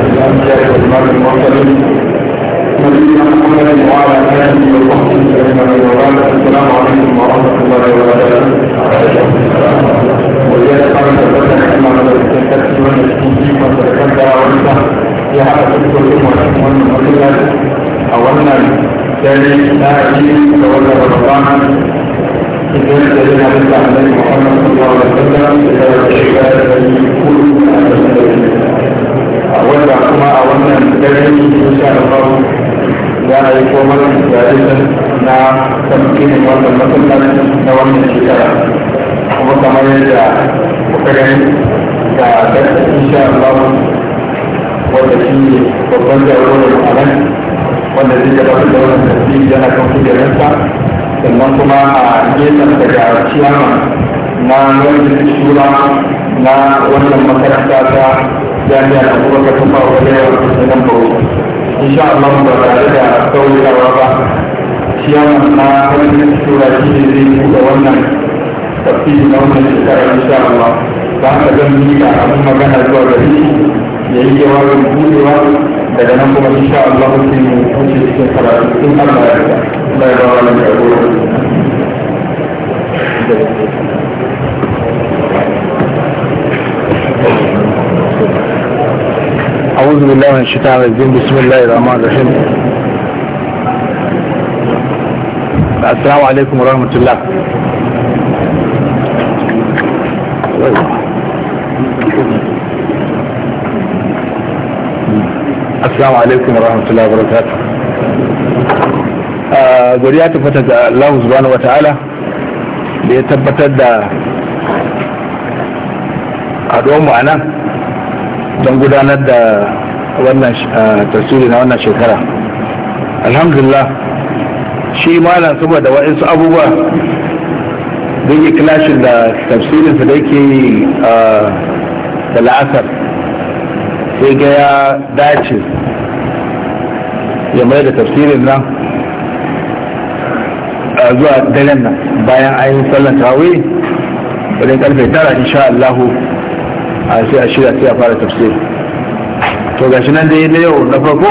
الأنبياء والإمام المرسلين نبينا محمد وعلى آله وصحبه أجمعين وبعد السلام عليكم ورحمة الله وبركاته. وإياك أن تتبع كما تتبع وتستنجيك وتتبع وأنت في هذا الكتب والمؤمنات أولا ثاني لا أجيب تولى رمضان إذن الذين عبد الله محمد صلى الله عليه وسلم إذا الشباب الذي كل من أهل wanda kuma a wannan dare ne da Allah za a yi komar jaririn na tamkinin wannan matsalar na wannan shekara kuma kamar yadda kuka gani ga daga insha Allah wanda shi ne babban jarumin a kuma wanda zai gaba da wannan tasiri yana kan kujerarsa sannan kuma a gefen daga ciyama na wajen shura na wannan makaranta ta da kuma ta tafa da yawa da nan bawo insha Allah ba tare da saurayawa ba ciyaman na wajen shura shi ne zai da wannan tafsiri na wannan shekara insha Allah ba ka zan miƙa abin magana zuwa gari ya yi da buɗewa daga nan kuma insha Allah sai mu wuce cikin karatu in Allah ya yarda ba ya ba wa nan da أعوذ بالله من الشيطان الرجيم بسم الله الرحمن الرحيم السلام عليكم ورحمة الله السلام عليكم ورحمة الله وبركاته آه، godiya فتاة الله سبحانه وتعالى subhanahu دا أدوم ya tabbatar don gudanar da wannan ah, tasiri na wannan shekara alhamdulillah shi malam saboda waɗansu abubuwa da yi kilashin da tafsirinsa da yake yi ah, da la'asar sai ga ya dace ya mai da tafsirin nan ah, zuwa daren nan bayan an yi sallan tawe wajen karfe tara insha a sai a shirya sai a fara tafsiri to gashi nan dai na yau na farko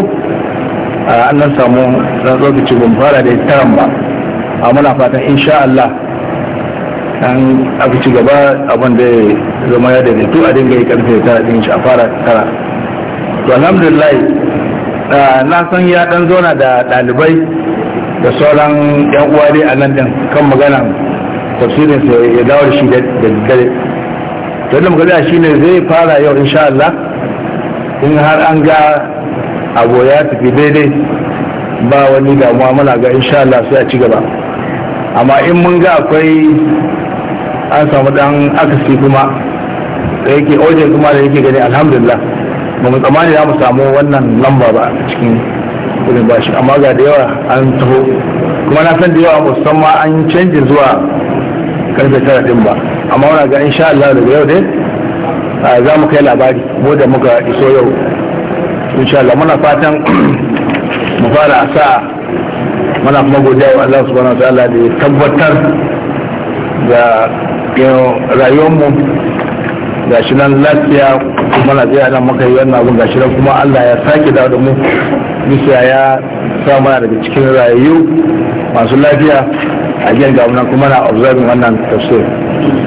a nan samu na lokaci ban fara da taron ba a muna fatan insha Allah an aka ci gaba abin da zama ya daidaitu a dinga yi karfe tara din shi a fara tara to alhamdulillah na san ya dan zauna da ɗalibai da sauran yan uwa dai a nan din kan magana tafsirin ya dawo shi da dare to da magana shine zai fara yau insha Allah in har an ga abu ya tafi daidai ba wani damuwa muna ga insha Allah sai a ci gaba amma in mun ga akwai an samu dan akasi kuma da yake oje kuma da yake gani alhamdulillah ba mu tsammani za mu samu wannan lamba ba a cikin kudin bashi amma ga da yawa an taho kuma na san da yawa musamman an canji zuwa karfe tara din ba amma muna ga insha Allah daga yau dai za mu kai labari mu da muka iso yau insha Allah muna fatan mu fara a sa muna kuma godiya wa Allah subhanahu wataala da tabbatar da rayuwarmu ga shi nan lafiya kuma na tsaya nan muka yi wannan abun ga shi nan kuma Allah ya sake dawo da mu bisa ya sa mana daga cikin rayu masu lafiya a gidan gamunan kuma na observing wannan tafsir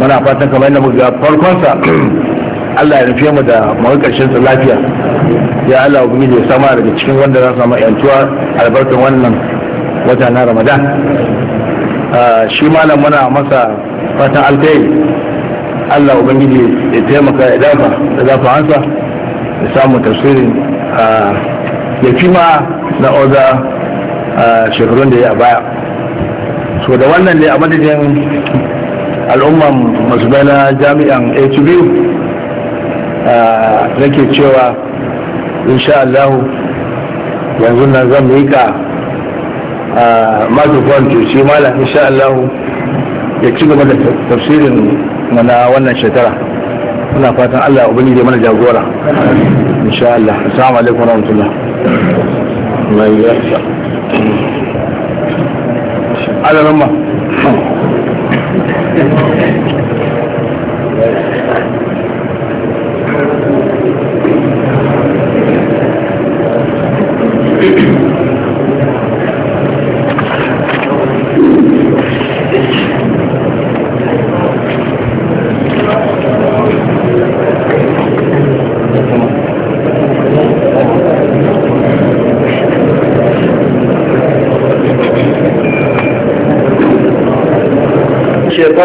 muna fatan kamar yadda muka ga farkonsa Allah ya rufe mu da mawakarshen karshen lafiya ya Allah ubangiji ya sama daga cikin wanda za su samu yantuwa albarkar wannan wata na Ramadan shi malam muna masa fatan alkai Allah ubangiji ya taimaka ya dafa da dafa hansa ya samu tasirin ya fi ma na oza shekarun da ya baya so da wannan ne a madadin al'umman masu na jami'an hb Ah, nake cewa insha Allah yanzu nan zan miƙa ah, microphone to shi malam insha Allah ya ci gaba da tafsirin mana wannan shekara muna fatan Allah ubangiji mana jagora insha Allah assalamu alaikum wa rahmatullah mai yarda alaramma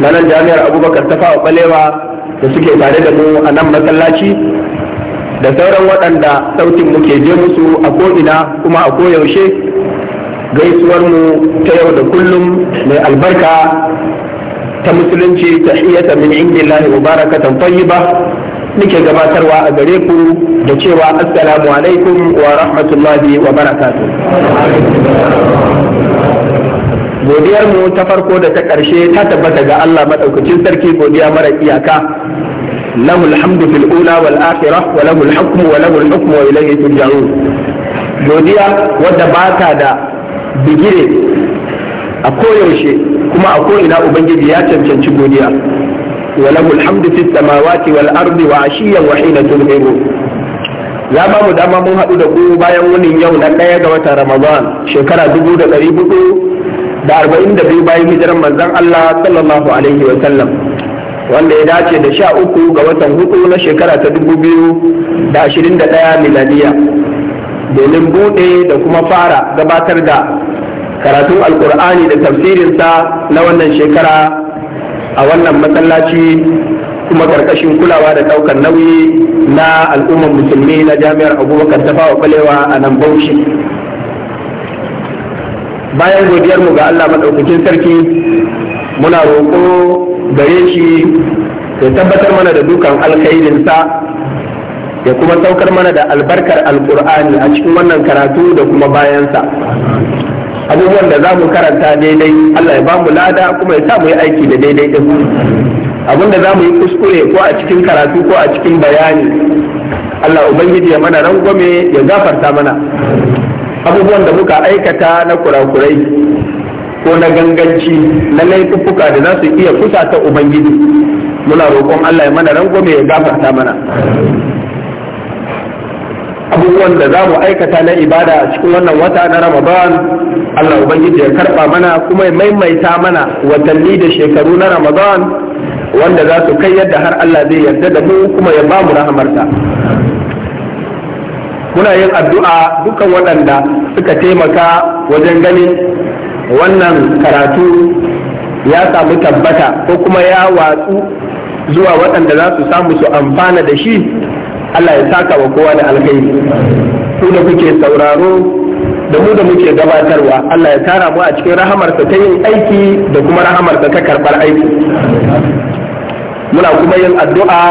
na nan jami'ar abubakar ta fawa balewa da suke tare da mu a nan masallaci da sauran waɗanda sautin muke je musu a ko'ina kuma a koyaushe gaisuwar mu ta yau da kullum mai albarka ta musulunci ta iyata min indillahi mubarakatan ba muke gabatarwa a gare ku da cewa assalamu alaikum wa rahmatullahi wa barakatuh godiyarmu ta farko da ta ƙarshe ta tabbata ga Allah maɗaukacin sarki godiya mara iyaka lahu alhamdu fil ula wal akhirah wa lahu al hukmu wa lahu hukmu wa ilayhi turja'un godiya wadda bata da bigire a koyaushe kuma a ko'ina ubangiji ya cancanci godiya wa lahu alhamdu fis samawati wal ardi wa ashiyan wa hina tudhiru ya ba mu dama mun haɗu da ku bayan wani yau na ɗaya ga watan ramadan shekara dubu da ɗari hudu da arba'in da biyu bayan hijiran manzon Allah sallallahu alaihi wa sallam wanda ya dace da sha uku ga watan hudu na shekara ta dubu biyu da ashirin da ɗaya miladiya domin buɗe da kuma fara gabatar da karatun alkur'ani da tafsirinsa na wannan shekara a wannan masallaci kuma karkashin kulawa da ɗaukar nauyi na al'ummar musulmi na jami'ar abubakar tafawa kwalewa a nan bauchi bayan godiyar mu ga Allah madaukakin sarki muna roƙo gare shi ya tabbatar mana da dukan alkhairinsa ya kuma saukar mana da albarkar alkur'ani a cikin wannan karatu da kuma bayansa abubuwan da za mu karanta daidai Allah ya ba mu lada kuma ya sa mu yi aiki da daidai din abin da za mu yi kuskure ko a cikin karatu ko a cikin bayani Allah ubangiji ya mana rangwame ya gafarta mana abubuwan da muka aikata na kurakurai ko na ganganci na laifuffuka da za su iya kusa ta ubangiji muna roƙon Allah ya mana rangwame ya gafarta mana abubuwan da za mu aikata na ibada a cikin wannan wata na ramadan Allah ubangiji ya karɓa mana kuma ya maimaita mana watanni da shekaru na ramadan wanda za su kai yadda har Allah zai yarda da mu kuma ya ba mu rahamarta muna yin addu'a dukkan waɗanda suka taimaka wajen ganin wannan karatu ya samu tabbata ko kuma ya watsu zuwa waɗanda za su samu su amfana da shi Allah ya saka wa kowa da alkhairi ku da kuke sauraro da mu da muke gabatarwa Allah ya tara mu a cikin rahamarsa ta yin aiki da kuma rahamarsa ta karɓar aiki muna kuma yin addu'a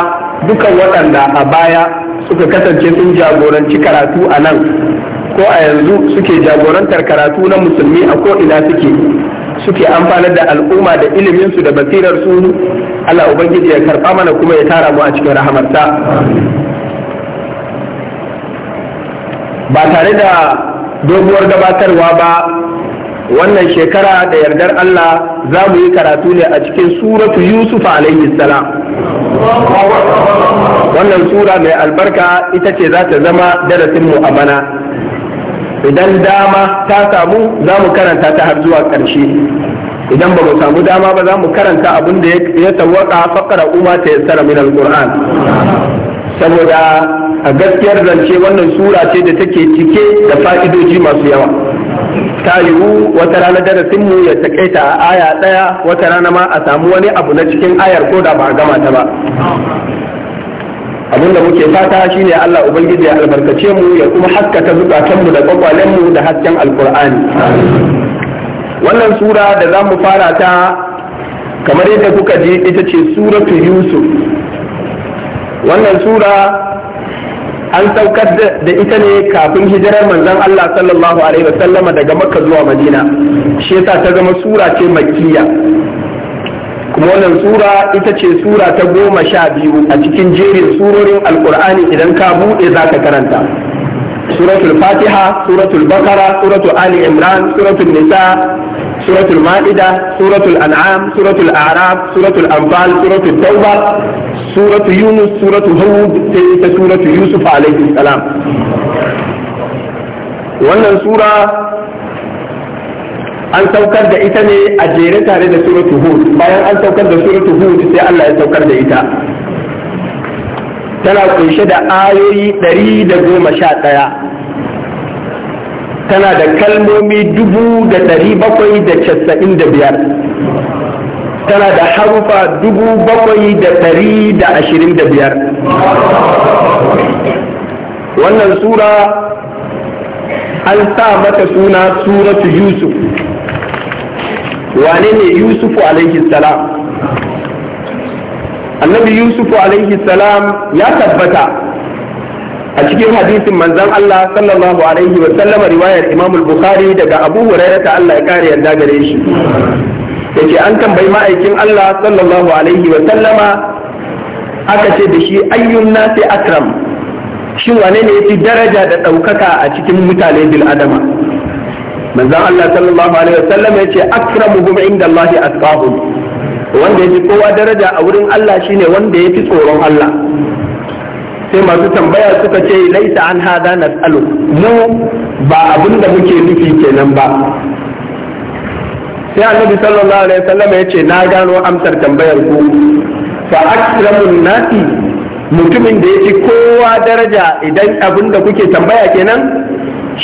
dukan waɗanda a baya suka kasance sun jagoranci karatu a nan ko a yanzu suke jagorantar karatu na musulmi a ko ina suke suke amfanar da al'umma da iliminsu da su Allah Ubangiji ya karɓa mana kuma ya tara mu a cikin rahamarsa ba tare da doguwar gabatarwa ba wannan shekara da yardar Allah za mu yi karatu ne a cikin suratu Yusuf alaihi salam wannan sura mai albarka ita ce za ta zama darasinmu a bana idan dama ta samu za mu karanta ta har zuwa ƙarshe idan ba mu samu dama ba za mu karanta abin da ya tawaka fakara umma ta tsara min alquran saboda a gaskiyar zance wannan sura ce da take cike da fa'idoji masu yawa ta yiwu wata rana darasin mu ya takaita a aya ɗaya wata rana ma a samu wani abu na cikin ayar ko da ba gama ta ba abin da muke fata shine Allah ubangiji ya albarkace mu ya kuma haskata zukatan mu da kwakwalen mu da hasken alkur'ani wannan sura da za mu fara ta kamar yadda kuka ji ita ce suratu yusuf wannan sura an saukar da ita ne kafin hijirar manzon Allah sallallahu alaihi wasallama daga Makka zuwa Madina shi yasa ta zama sura ce makkiya kuma wannan sura ita ce sura ta goma sha biyu a cikin jerin surorin alkur'ani idan ka buɗe za ka karanta suratul fatiha suratul bakara suratul ali imran suratul nisa suratul ma'ida suratul an'am suratul araf suratul anfal suratul tauba suratu yunus suratu hud sai ta suratu yusuf alaihi salam wannan sura an saukar da ita ne a jere tare da suratu hud bayan an saukar da suratu hud sai Allah ya saukar da ita tana kunshe da ayoyi ɗari da goma sha ɗaya tana da kalmomi dubu da dari bakwai da casa'in da biyar tana da harufa dubu bakwai da ɗari da ashirin da biyar wannan sura an sa mata suna suratu yusuf wane ne yusufu salam annabi yusufu salam ya tabbata a cikin hadisin manzan Allah sallallahu alaihi wa sallam riwayar Imam al-Bukhari daga Abu Hurairah ta Allah ya kare yarda gare shi yace an tambayi ma'aikin Allah sallallahu alaihi wa sallama aka ce da shi ayyun nasi akram shin wane ne yafi daraja da ɗaukaka a cikin mutane bil adama manzan Allah sallallahu alaihi wa ce yace akramuhum inda Allah atqahum wanda yafi kowa daraja a wurin Allah shine wanda yafi tsoron Allah sai masu tambaya suka ce laisa an hada na tsalo mu ba abin muke nufi kenan ba sai annabi sallallahu alaihi wasallam ya ce na gano amsar tambayar ku fa akramun nasi mutumin da yake kowa daraja idan abinda kuke tambaya kenan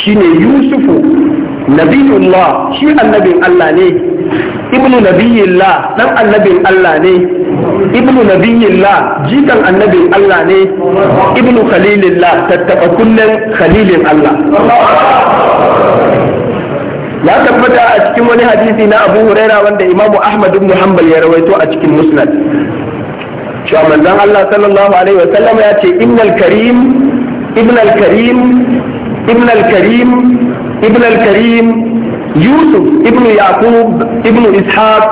shine yusufu nabiyullah shi annabin Allah ne ibnu nabiyillah dan annabin Allah ne ibnu nabiyillah jikan annabi Allah ne ibnu khalilillah tattaba kullun khalilin Allah ya tabbata a cikin wani hadisi na Abu Huraira wanda Imam Ahmad Muhammad ya rawaito a cikin Musnad cewa manzon Allah sallallahu alaihi wa ya ce innal karim ibn al karim ibn karim ibn karim Yusuf ibn Yaqub ibn Ishaq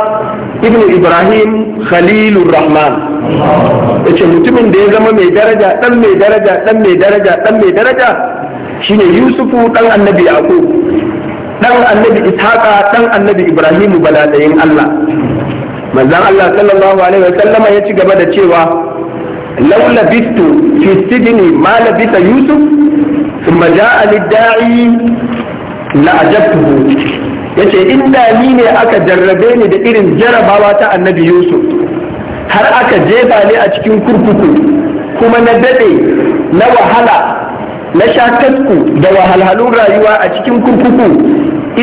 ibn ibrahim khalilur rahman yace mutumin da ya zama mai daraja dan mai daraja dan mai daraja dan mai daraja shine yusufu dan annabi yaqub dan annabi ishaqa dan annabi ibrahim baladayin allah manzon allah sallallahu alaihi wa sallama ya ci gaba da cewa law labistu fi sidni ma labisa yusuf thumma ja'a lid-da'i la ajabtuhu yace inda ni ne aka jarrabe ni da irin jarabawa ta annabi yusuf har aka jefa ni a cikin kurkuku kuma na daɗe na wahala na sha da wahalhalun rayuwa a cikin kurkuku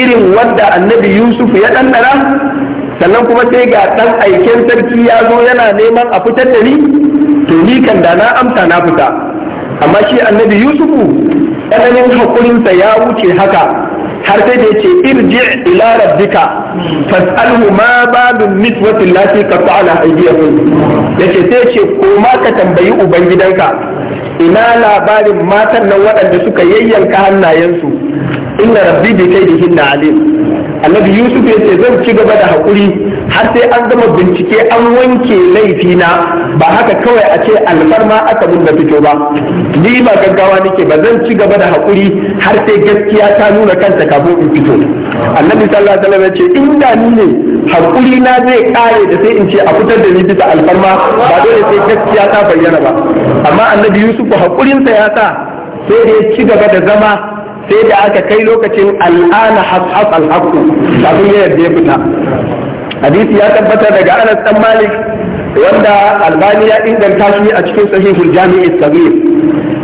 irin wanda annabi yusuf ya ɗanɗana sannan kuma sai ga ɗan aiken sarki ya zo yana neman a fitar da ni to ni kan da na amsa na fita amma shi annabi yusufu tsananin haƙurinsa ya wuce haka har sai da yace irji ila rabbika fas'alhu ma babu niswati lati qata'ala aydiyakum yace sai yace ma ka tambayi ubangidanka ina labarin matan nan waɗanda suka yayyanka hannayensu inna rabbi bi kaidihinna alim annabi yusuf yace zan ci gaba da hakuri har sai an gama bincike an wanke laifi na ba haka kawai a ce alfarma aka mun da fito ba ni ba gaggawa nake ba zan ci gaba da haƙuri har sai gaskiya ta nuna kanta kafin in fito annabi sallallahu alaihi wasallam ya ce inda ni ne haƙuri na zai kare da sai in ce a fitar da ni bisa alfarma ba dole sai gaskiya ta bayyana ba amma annabi yusuf haƙurinsa ya sa sai da ya ci gaba da zama sai da aka kai lokacin al'ana al-haqq kafin ya yarda ya fita hadisi ya tabbatar daga Anas dan Malik wanda Albani ya inganta shi a cikin sahihul jami'i sabir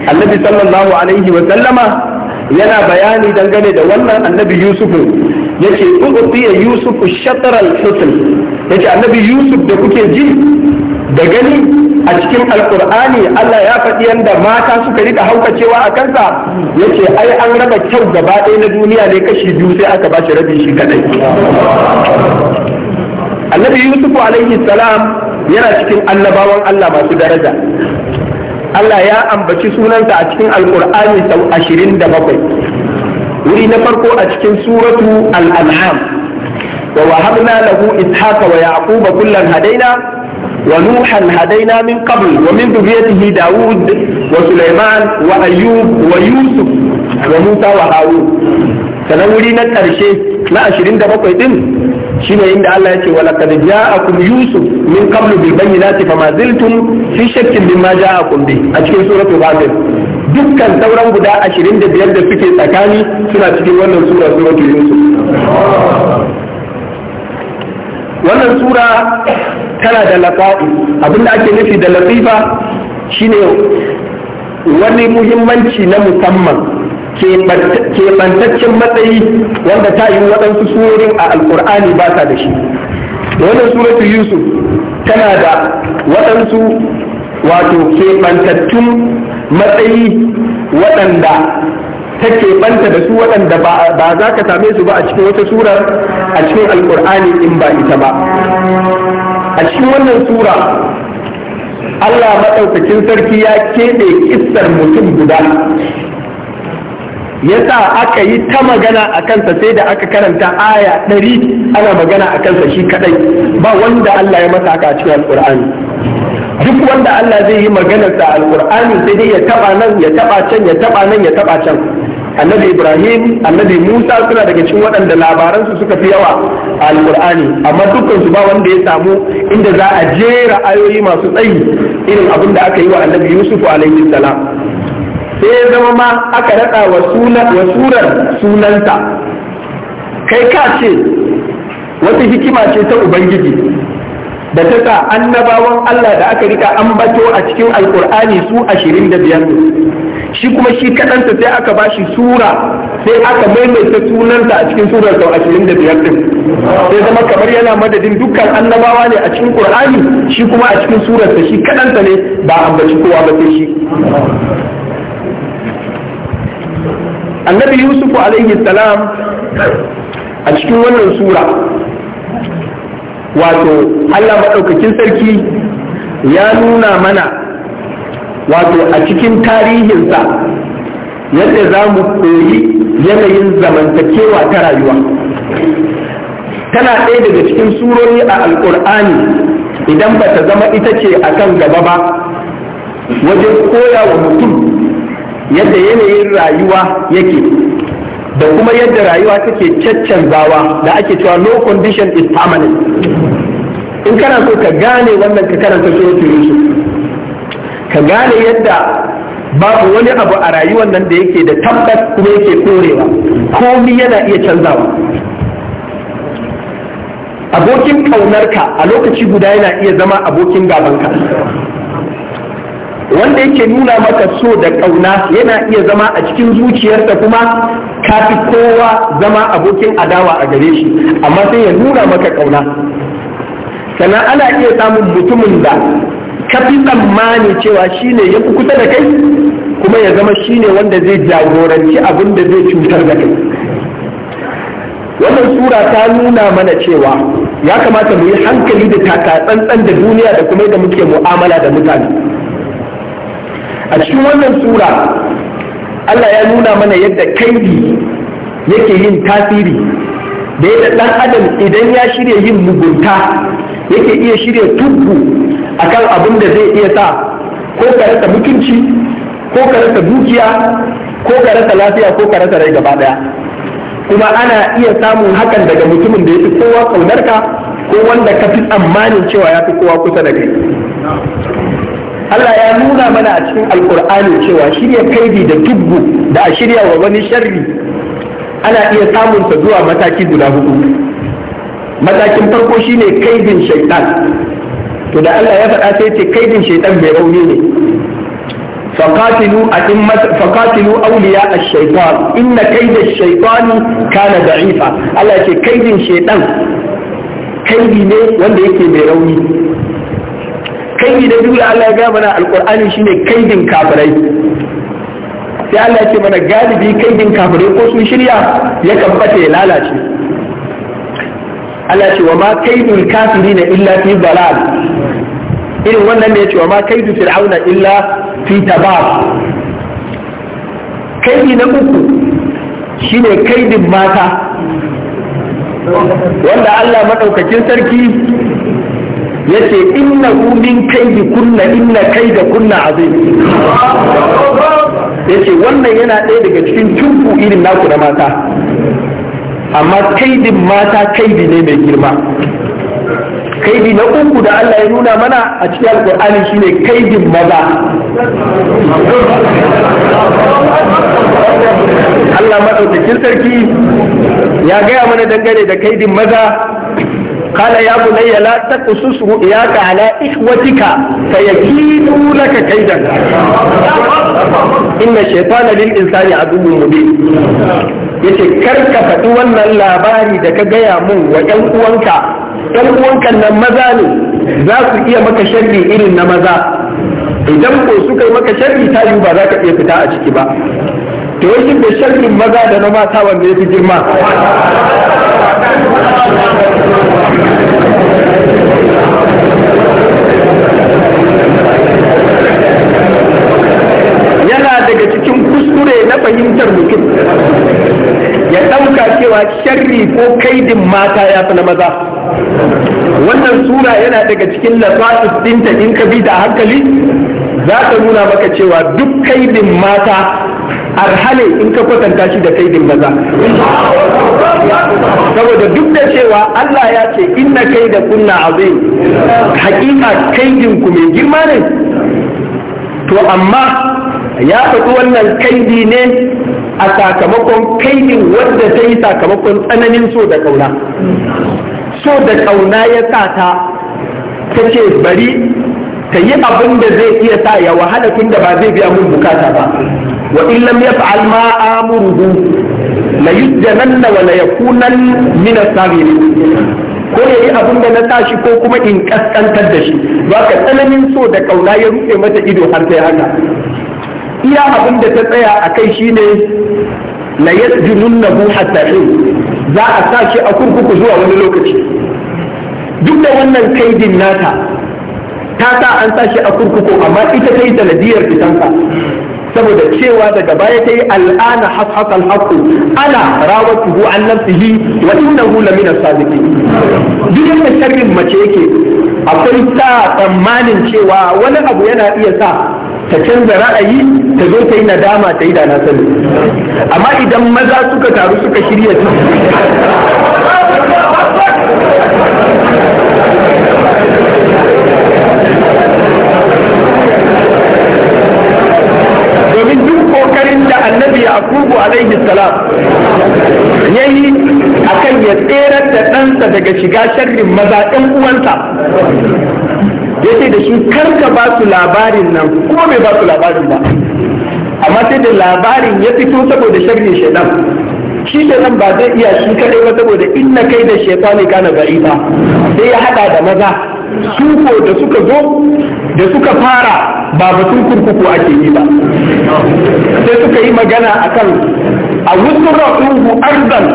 annabi sallallahu alaihi wa sallama yana bayani dangane da wannan annabi Yusufu yace uqtiya Yusufu shatr al-husn yace annabi Yusuf da kuke ji da gani a cikin alkur'ani Allah ya faɗi yadda mata suka rika haukacewa a kansa yace ai an raba kyau gaba ɗaya na duniya ne kashi biyu sai aka ba shi rabi shi kaɗai. annabi yusuf alaihi salam yana cikin annabawan Allah masu daraja Allah ya ambaci sunansa a cikin alkur'ani sau ashirin da bakwai wuri na farko a cikin suratu al-an'am wa wahabna lahu ishaqa wa yaquba kullan hadaina ونوحا هدينا من wa ومن wa Yusuf, wa Musa ويوسف sanan wuri na الأرشيد na 27 din ne inda Allah yake wala kad ja'akum yusuf min qablu bil bayyinati fama ziltum fi shakkin mimma ja'akum bi a cikin suratul ghafir dukkan sauran guda 25 da suke tsakani suna cikin wannan sura suratul yusuf wannan sura tana da laqa'i abinda ake nufi da latifa shine wani muhimmanci na musamman keɓantaccen matsayi wanda ta yi waɗansu surorin a alkur'ani ba ta da shi wannan suratu yusuf tana da waɗansu wato keɓantattun matsayi waɗanda ta keɓanta da su waɗanda ba za ka same su ba a cikin wata surar a cikin alkur'ani in ba ita ba a cikin wannan sura allah maɗaukakin sarki ya keɓe kissar mutum guda yasa aka yi ta magana a kansa sai da aka karanta aya ɗari ana magana a kansa shi kaɗai. ba wanda Allah ya masa haka a cikin alqur'ani duk wanda Allah zai yi maganar sa alqur'ani sai dai ya taba nan ya taba can ya taba nan ya taba can annabi ibrahim annabi musa suna daga cikin waɗanda labaransu suka fi yawa a alkur'ani amma dukkan su ba wanda ya samu inda za a jera ayoyi masu tsayi irin abin da aka yi wa annabi yusuf alaihi salam sai ya zama ma aka raɗa wa surar sunanta kai ka ce wata hikima ce ta ubangiji da ta sa annabawan Allah da aka rika ambato a cikin alkur'ani su ashirin da biyar shi kuma shi kaɗanta sai aka ba sura sai aka maimaita sunanta a cikin surar sau ashirin da biyar ɗin sai zama kamar yana madadin dukkan annabawa ne a cikin qur'ani shi kuma a cikin surarsa shi kaɗanta ne ba ambaci kowa ba sai shi annabi yusuf alayhi salam a cikin wannan sura wato allah maɗaukakin sarki ya nuna mana wato a cikin tarihinsa yadda za mu koyi yanayin zamantakewa ta rayuwa tana ɗaya daga cikin surori a alƙur'ani idan ba ta zama ita ce a kan gaba ba wajen koya wa mutum yadda yanayin rayuwa yake da kuma yadda rayuwa take caccanzawa da ake cewa no condition is permanent in kana so ka gane wannan ka karanta suratul yusuf ka gane yadda babu wani abu a rayuwar nan da yake da tabbas kuma yake korewa komi yana iya canzawa abokin kaunarka a lokaci guda yana iya zama abokin gabanka wanda yake nuna maka so da ƙauna yana iya zama a cikin zuciyarsa kuma ka kowa zama abokin adawa a gare shi amma sai ya nuna maka ƙauna sannan ana iya samun mutumin da ka fi tsammani cewa shi ne ya fi kusa da kai kuma ya zama shi ne wanda zai jagoranci abin da zai cutar da kai wannan sura ta nuna mana cewa ya kamata mu yi hankali da taka tsantsan da duniya da kuma da muke mu'amala da mutane a cikin wannan sura Allah ya nuna mana yadda kaidi yake yin tasiri da yadda ɗan adam idan ya shirya yin mugunta yake iya shirya tubu kan abin da zai iya sa ko ka rasa mutunci ko ka rasa dukiya ko ka rasa lafiya ko ka rasa rai gaba daya kuma ana iya samun hakan daga mutumin da ya fi kowa kaunarka ko wanda ka fi tsammanin cewa ya fi kowa kusa da kai Allah ya nuna mana a cikin alkur'ani cewa shirya kaidi da tubbu da a shirya wa wani sharri ana iya samun sa zuwa mataki guda hudu matakin farko shine kaidin shaitan to da Allah ya faɗa sai ce kaidin shaitan mai rauni ne فقاتلوا أئمة فقاتلوا أولياء الشيطان إن كيد kana كان ضعيفا الله يقول كيد الشيطان كيد ne wanda yake mai rauni kaidi da biyu Allah ya ga mana alqur'ani shine kaidin kafirai sai Allah ya ce mana galibi kaidin kafirai ko sun shirya ya kambata ya lalace Allah ya ce wa ma kaidul kafirina illa fi dalal irin wannan da ya ce wa ma kaidu fir'auna illa fi tabab kaidi na uku shine kaidin mata wanda Allah madaukakin sarki yace inna min kaidi kunna inna da kunna azim yace wannan yana ɗaya daga cikin tunku irin naku na mata amma kaidin mata kaidi ne mai girma kaidi na uku da Allah ya nuna mana a cikin alkur'ani shine kaidin maza Allah maɗaukakin sarki ya gaya mana dangane da kaidin maza قال يا بني لا تقصص رؤياك على إخوتك فيكيدوا لك كيدا إن الشيطان للإنسان عدو مبين yace kar ka faɗi wannan labari da ka gaya mun wa ƴan uwanka ƴan uwanka nan maza ne za su iya maka sharri irin na maza idan ko suka yi maka sharri ta yi ba za ka iya fita a ciki ba to yake da sharrin maza da na mata wanda ya fi girma yana daga cikin kuskure na fahimtar mutum ya ɗauka cewa sharri ko kaidin mata ya fi na maza wannan sura yana daga cikin lafa'is ɗinta in ka bi da hankali za ta nuna maka cewa duk kaidin mata arhale in ka kwatanta shi da kaidin maza saboda duk da cewa Allah ya ce inna da kunna azim hakika kaidin ku mai girma ne to amma ya faɗi wannan kaidi ne a sakamakon kaidin wanda ta yi sakamakon tsananin so da kauna so da kauna ya sa ta ta ce bari ta yi abin da zai iya sa ya wahala tun da ba zai biya mun bukata ba wa in lam yaf'al ma amuruhu la yujjananna wa la yakunan min ko yayi abin da na tashi ko kuma in kaskantar da shi ba ka tsananin so da kauna ya rufe mata ido har sai haka iya abin da ta tsaya a kai shine la yasjununnahu hatta shi, za a sa shi a kurkuku zuwa wani lokaci duk da wannan kaidin nata ta sa an sa shi a kurkuku amma ita ta yi sanadiyar fitansa saboda cewa daga baya ta yi al'ana hashaq al ana rawar rawatuhu an nafsihi wa hula la min as duk da sharrin mace yake akwai sa tsammanin cewa wani abu yana iya sa ta canza ra'ayi ta zo ta yi nadama ta yi da na sani amma idan maza suka taru suka shirya su nuhu alaihi salam yayi akan ya tserar da ɗansa daga shiga sharrin maza ɗan uwansa yace da shi karka ba su labarin nan kuma bai ba su labarin ba amma sai da labarin ya fito saboda sharrin shaidan shi da nan ba zai iya shi kaɗai ba saboda inna kai da ne kana ba sai ya haɗa da maza su ko da suka zo da suka fara ba batun kurkuku ake yi ba sai suka yi magana a kan a wusura ruhu arzan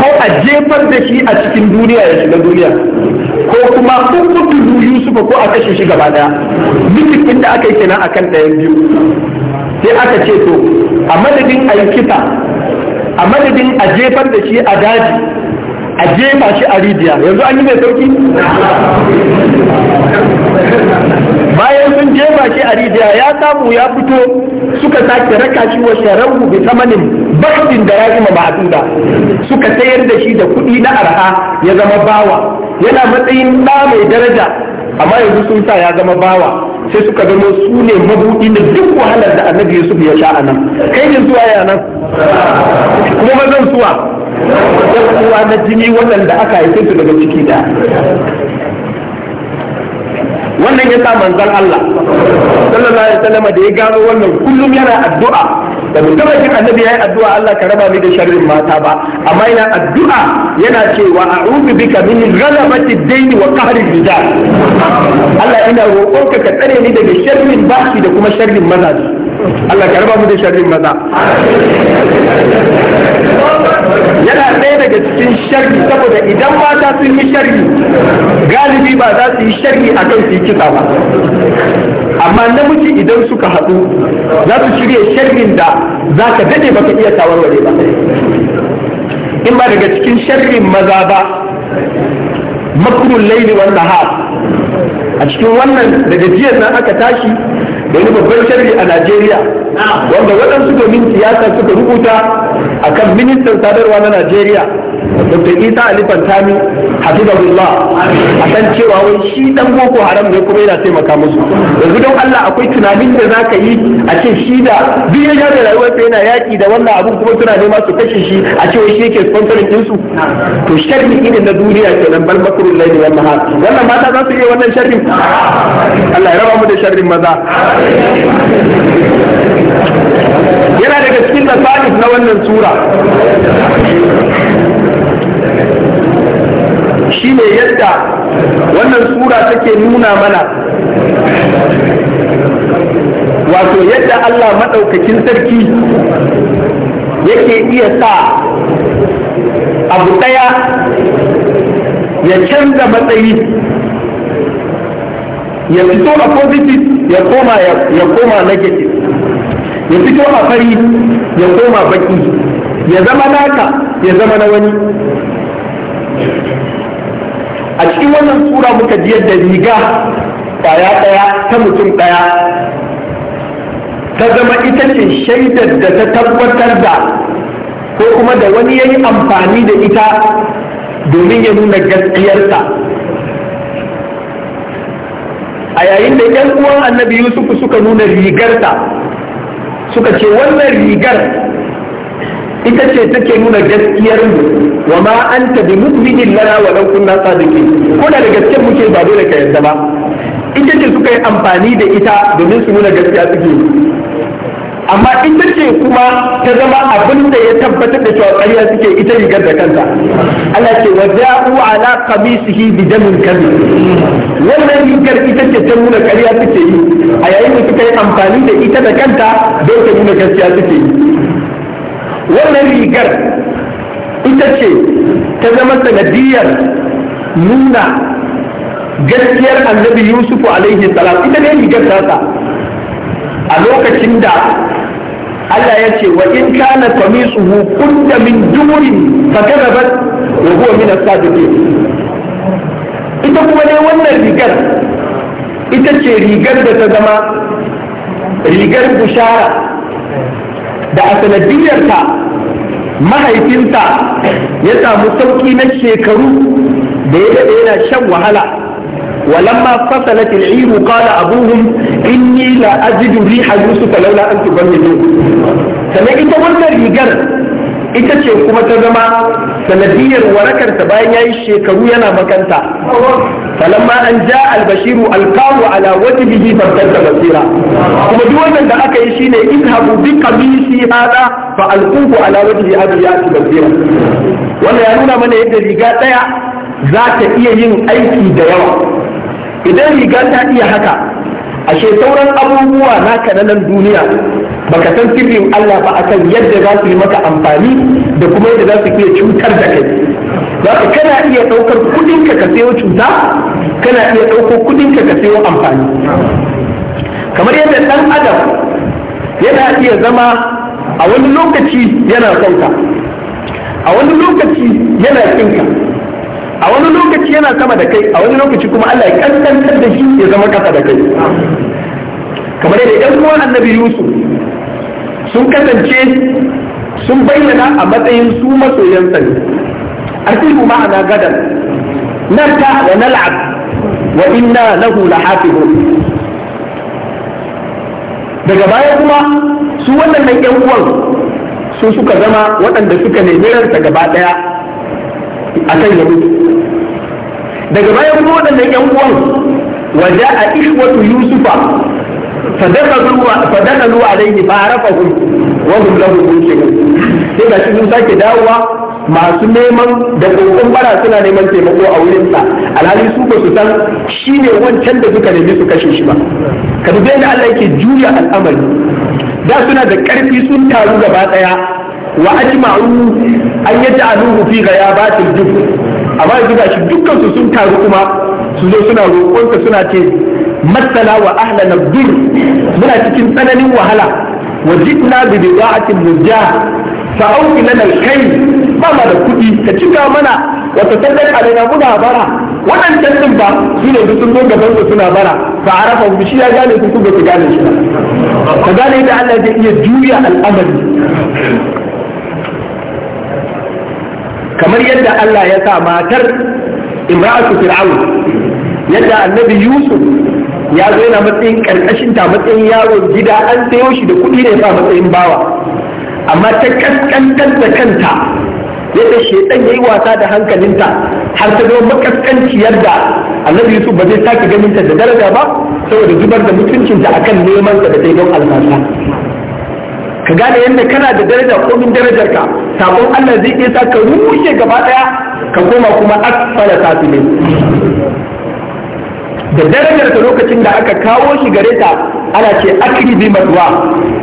ko a jefar da shi a cikin duniya ya shiga duniya ko kuma kun kudu su ko a kashe shi gaba daya duk inda aka yi kenan akan ɗayan biyu sai aka ce to a madadin a yi kita a madadin a jefar da shi a daji a jefa shi a rijiya yanzu an yi mai sauki bayan sun jefa shi a rijiya ya samu ya fito suka sake raka shi wa sharabu bi tamanin bakin da rahima ma'aduda suka sayar da shi da kuɗi na arha ya zama bawa yana matsayin ɗa mai daraja amma yanzu sun sa ya zama bawa sai suka zama su ne mabuɗi na duk wahalar da annabi Yusuf ya sha a nan kai ne zuwa ya nan kuma mazan zuwa? yan uwa na jini waɗanda aka haife daga ciki da wannan ya sa manzon Allah sallallahu alaihi wasallam da ya gano wannan kullum yana addu'a da mutumin shi annabi yayi addu'a Allah ka raba ni da sharrin mata ba amma yana addu'a yana cewa a'udhu bika min ghalabati ad-dayn wa qahri rijal Allah ina roƙonka ka tsare ni daga sharrin bashi da kuma sharrin mazaji Allah ka raba mu da sharrin maza yana ɗaya daga cikin sharri saboda idan mata sun yi sharri galibi ba za su yi sharri a kan su yi kisa ba amma namiji idan suka haɗu za su shirya sharrin da za ka daɗe ba ka iya tawarware ba in ba daga cikin sharrin maza ba makurun laili wanda ha a cikin wannan daga jiya nan aka tashi da wani babban shari'a a Najeriya wanda waɗansu domin siyasa suka rubuta akan ministan sadarwa na Najeriya Dr. Isa Ali Fantami hafizahullah a san cewa wai shi dan boko haram ne kuma yana taimaka musu yanzu don Allah akwai tunanin da zaka yi a ce shi da biyu ya da rayuwar yana yaki da wannan abun kuma suna nema su kashe shi a ce shi yake sponsoring din su to sharri ne na duniya kenan bal makrul layli wal nahar wannan mata za su iya wannan sharrin Allah ya raba mu da sharrin maza yana daga cikin tasarif na wannan su sura shi ne yadda wannan tura take nuna mana wato yadda Allah maɗaukakin sarki yake iya sa abu ɗaya ya canza matsayi ya fito a positive ya koma ya koma negative ya fito a fari ya koma baki ya zama naka ya zama na wani a cikin wannan tsura muka ji yadda riga kwaya ɗaya ta mutum ɗaya ta zama ita ce shaidar da ta tabbatar da ko kuma da wani ya yi amfani da ita domin ya nuna gaskiyarsa a yayin da yan uwan annabi yusuf suka nuna rigarta suka ce wannan rigar ita ce take nuna gaskiyar mu wa ma anta bi mu'minin lana wa lan kunna sadiqin ko da gaske muke ba dole ka yarda ba ita ce suka yi amfani da ita domin su nuna gaskiya suke amma ta ce kuma ta zama abin da ya tabbatar da cewa ƙarya suke ita rigar da kanta Allah ce wa za'u ala qamisihi bi damin kabi wannan rigar ita ce ta nuna ƙarya suke yi a yayin da suka yi amfani da ita da kanta don ta nuna gaskiya suke yi wannan rigar ita ce ta zama sanadiyar nuna gaskiyar annabi yusufu alaihi salam ita ne rigar ta a lokacin da Allah ya ce wa in kana qamisuhu kunta min durin fakadabat wa huwa min as-sadiqin ita kuma dai wannan rigar ita ce rigar da ta zama rigar bushara da a sanadiyarta mahaifinta ya samu sauki na shekaru da ya daɗe yana shan wahala ولما فصلت العير قال أبوهم إني لا أجد ريح يوسف لولا أن تبرمجون sannan ita wannan rigar ita ce kuma ta zama sanadiyar warakarta bayan ya yi shekaru yana makanta falamma an ja albashiru alkawo ala wata bihi farkarta basira kuma duk wannan da aka yi shine izhabu bi qamisi hada fa alquhu ala wajhi abi yati basira wannan ya nuna mana yadda riga ɗaya za ta iya yin aiki da yawa idan riga ta iya haka ashe sauran abubuwa naka na nan duniya baka san sirrin Allah ba akan yadda za su yi maka amfani da kuma yadda za su iya cutar da kai za ka kana iya ɗaukar kuɗinka ka sayo cuta kana iya ɗaukar kuɗinka ka sayo amfani kamar yadda ɗan adam yana iya zama a wani lokaci yana sauka a wani lokaci yana kinka a wani lokaci yana sama da kai a wani lokaci kuma Allah ya kaskantar da shi ya zama kasa da kai kamar yadda ɗan uwan annabi Yusuf sun kasance sun bayyana a matsayin su masoyan sani asibu ma'ana gadan narta wa nal'ab wa inna lahu lahafizun daga baya kuma su wannan nan yan uwan su suka zama waɗanda suka nemi ransa gaba ɗaya a kan ya mutu daga bayan kuma da yan uwan waje a ishwatu yusufa fadakalu alaihi fa'arafahum wa hum lahu munkirun sai ga sun sake dawowa masu neman da kokon bara suna neman taimako a wurin sa alhali su ba su san shine wancan da suka nemi su kashe shi ba ka dubi da Allah yake juya al'amari da suna da karfi sun taru gaba daya wa ajma'u an yaj'aluhu fi ghayabatil jubn amma yanzu gashi dukkan su sun taru kuma su zo suna roƙonka suna ce matsala wa ahla bir muna cikin tsananin wahala wa jidna bi bida'atin murja fa auki lana alkai ba ma da kuɗi ka cika mana wa tasaddaq alaina muna bara waɗancan din ba su ne sun zo gaban su suna bara fa arafa bi shi ya gane su ku ba su gane shi ka gane yadda Allah zai iya juya al'amari kamar yadda Allah ya sa matar imra'atu fir'aun yadda annabi yusuf ya zo yana matsayin karkashin ta matsayin yaron gida an sayo shi da kuɗi ne ba matsayin bawa amma ta kaskantar da kanta yadda shedan yayi wasa da hankalinta har ta zo makaskanciyar da annabi yusuf ba zai sake ganin ta da daraja ba saboda zubar da mutuncinta akan neman da ta don almasa ka gane yadda kana da daraja komin darajarka ka sabon Allah zai iya sa ka rushe gaba daya ka koma kuma asfala safilin da darajar ta lokacin da aka kawo shi gare ta ana ce akiri bi maduwa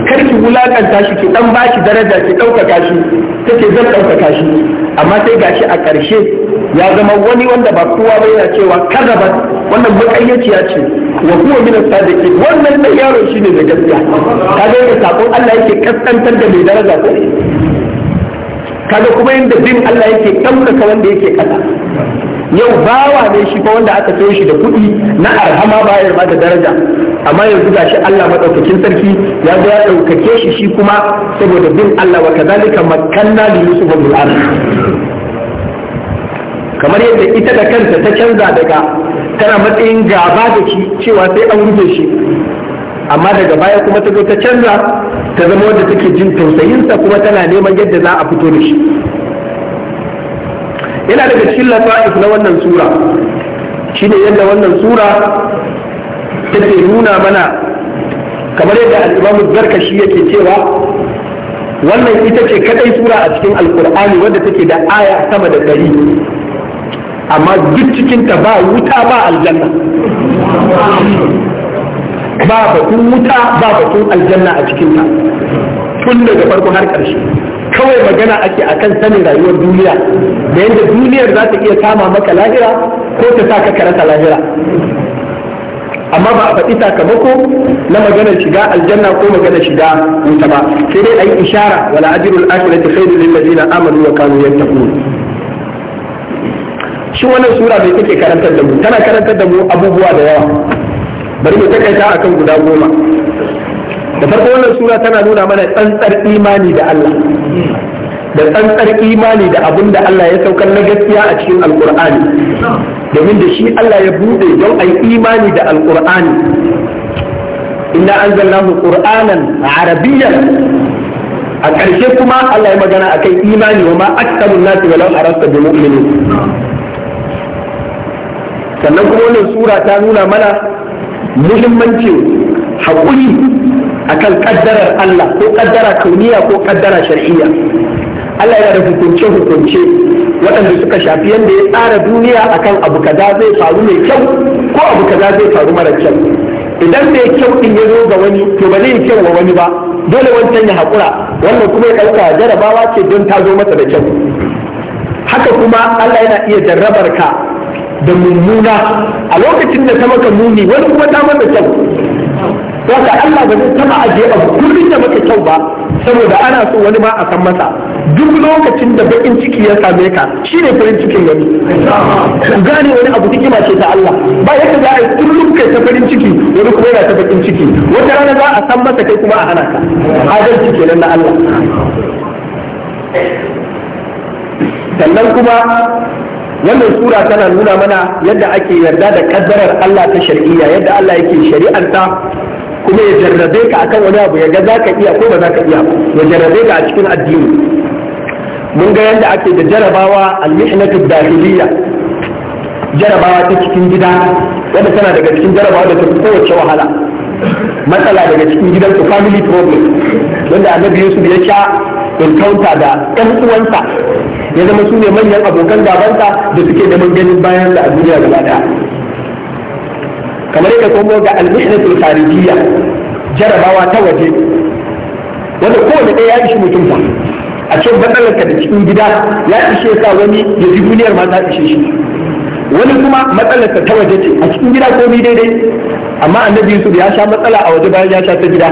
kar ki wulakanta shi ki dan ba shi daraja ki ɗaukaka shi take zan ɗaukaka shi amma sai gashi a karshe ya zama wani wanda ba kowa ba yana cewa ba wannan makayyaciya ce wa kuma min as-sadiqin wannan dai yaro shine da gaskiya kaga yadda sakon Allah yake kaskantar da mai daraja ko kaga kuma yadda bin Allah yake ɗaukaka wanda yake kasa yau bawa ne shi fa wanda aka sayo shi da kuɗi na arhama bayar ba da daraja amma yanzu gashi Allah madaukakin sarki ya zo ya ɗaukake shi shi kuma saboda bin Allah wa kazalika makanna li yusuf bil ard kamar yadda ita da kanta ta canza daga tana matsayin gaba da shi cewa sai an rufe shi amma daga baya kuma ta zo ta canza ta zama wanda take jin tausayinsa kuma tana neman yadda za a fito da shi yana daga cikin lafais na wannan sura shine yadda wannan sura take nuna mana kamar yadda al'imamu zarkashi yake cewa wannan ita ce kadai sura a cikin alkur'ani wadda take da aya sama da ɗari amma duk cikinta ba wuta ba aljanna ba batun wuta ba batun aljanna a cikin ta tun daga farko har ƙarshe kawai magana ake kan sanin rayuwar duniya da yadda duniyar za ta iya kama maka lahira ko ta sa ka karanta lahira amma ba a faɗi sakamako na maganar shiga aljanna ko maganar shiga wuta ba sai dai ayi ishara wala ajrul akhirati khairu lil ladina amanu wa kanu yattaqun shi wannan sura mai take karantar da mu tana karantar da mu abubuwa da yawa bari mu takaita akan guda goma da farko wannan sura tana nuna mana tsantsar imani da Allah da tsantsar imani da abin da Allah ya saukar na gaskiya a cikin alkur'ani domin da shi Allah ya bude don ai imani da alkur'ani inna anzalnahu qur'anan arabiyyan a ƙarshe kuma Allah ya magana akan imani wa ma aktarun nasi walau arasta bi mu'minin sannan kuma wannan sura ta nuna mana muhimmanci haƙuri a kan ƙaddarar Allah ko ƙaddarar kauniya ko ƙaddarar shari'iyya. Allah yana da hukunce-hukunce waɗanda suka shafi yadda ya tsara duniya akan abu kaza zai faru mai kyau ko abu kaza zai faru mara kyau idan mai kyau din ya zo ga wani to ba zai kyau wa wani ba dole wancan ya haƙura wannan kuma ya ɗauka jarabawa ce don ta zo masa da kyau haka kuma Allah yana iya jarrabar ka da mummuna a lokacin da ta maka muni wani kuma ta maka kyau wata Allah ba zai taba ajiye abu kullum da maka kyau ba saboda ana so wani ma a san masa duk lokacin da bakin ciki ya same ka shine farin cikin gani gane wani abu hikima ce ta Allah ba yadda za a yi kullum kai ta farin ciki wani kuma yana ta bakin ciki wata rana za a san masa kai kuma a hana ka adalci kenan na Allah sannan kuma wannan sura tana nuna mana yadda ake yarda da kaddarar Allah ta shar'iyya yadda Allah yake shari'anta kuma ya jarrabe ka akan wani abu ya ga za ka iya ko ba za ka iya ya jarrabe ka a cikin addini mun ga yadda ake da jarabawa al-mihnatu dakhiliyya jarabawa ta cikin gida wanda tana daga cikin jarabawa da ta fi kowace wahala matsala daga cikin gidan ku family problem wanda annabi Yusuf ya sha encounter da ɗan uwansa ya zama su ne manyan abokan gabansa da suke da ganin bayan da a duniya gaba daya kamar yadda kuma ga al-mihnatul kharijiyya jarabawa ta waje wanda kowane ɗaya ya ishi mutum a cikin matsalarka da cikin gida ya ishe sa wani ya ji duniyar ma ta ishe shi wani kuma matsalarsa ta waje ce a cikin gida komai daidai amma annabi yusuf ya sha matsala a waje bayan ya sha ta gida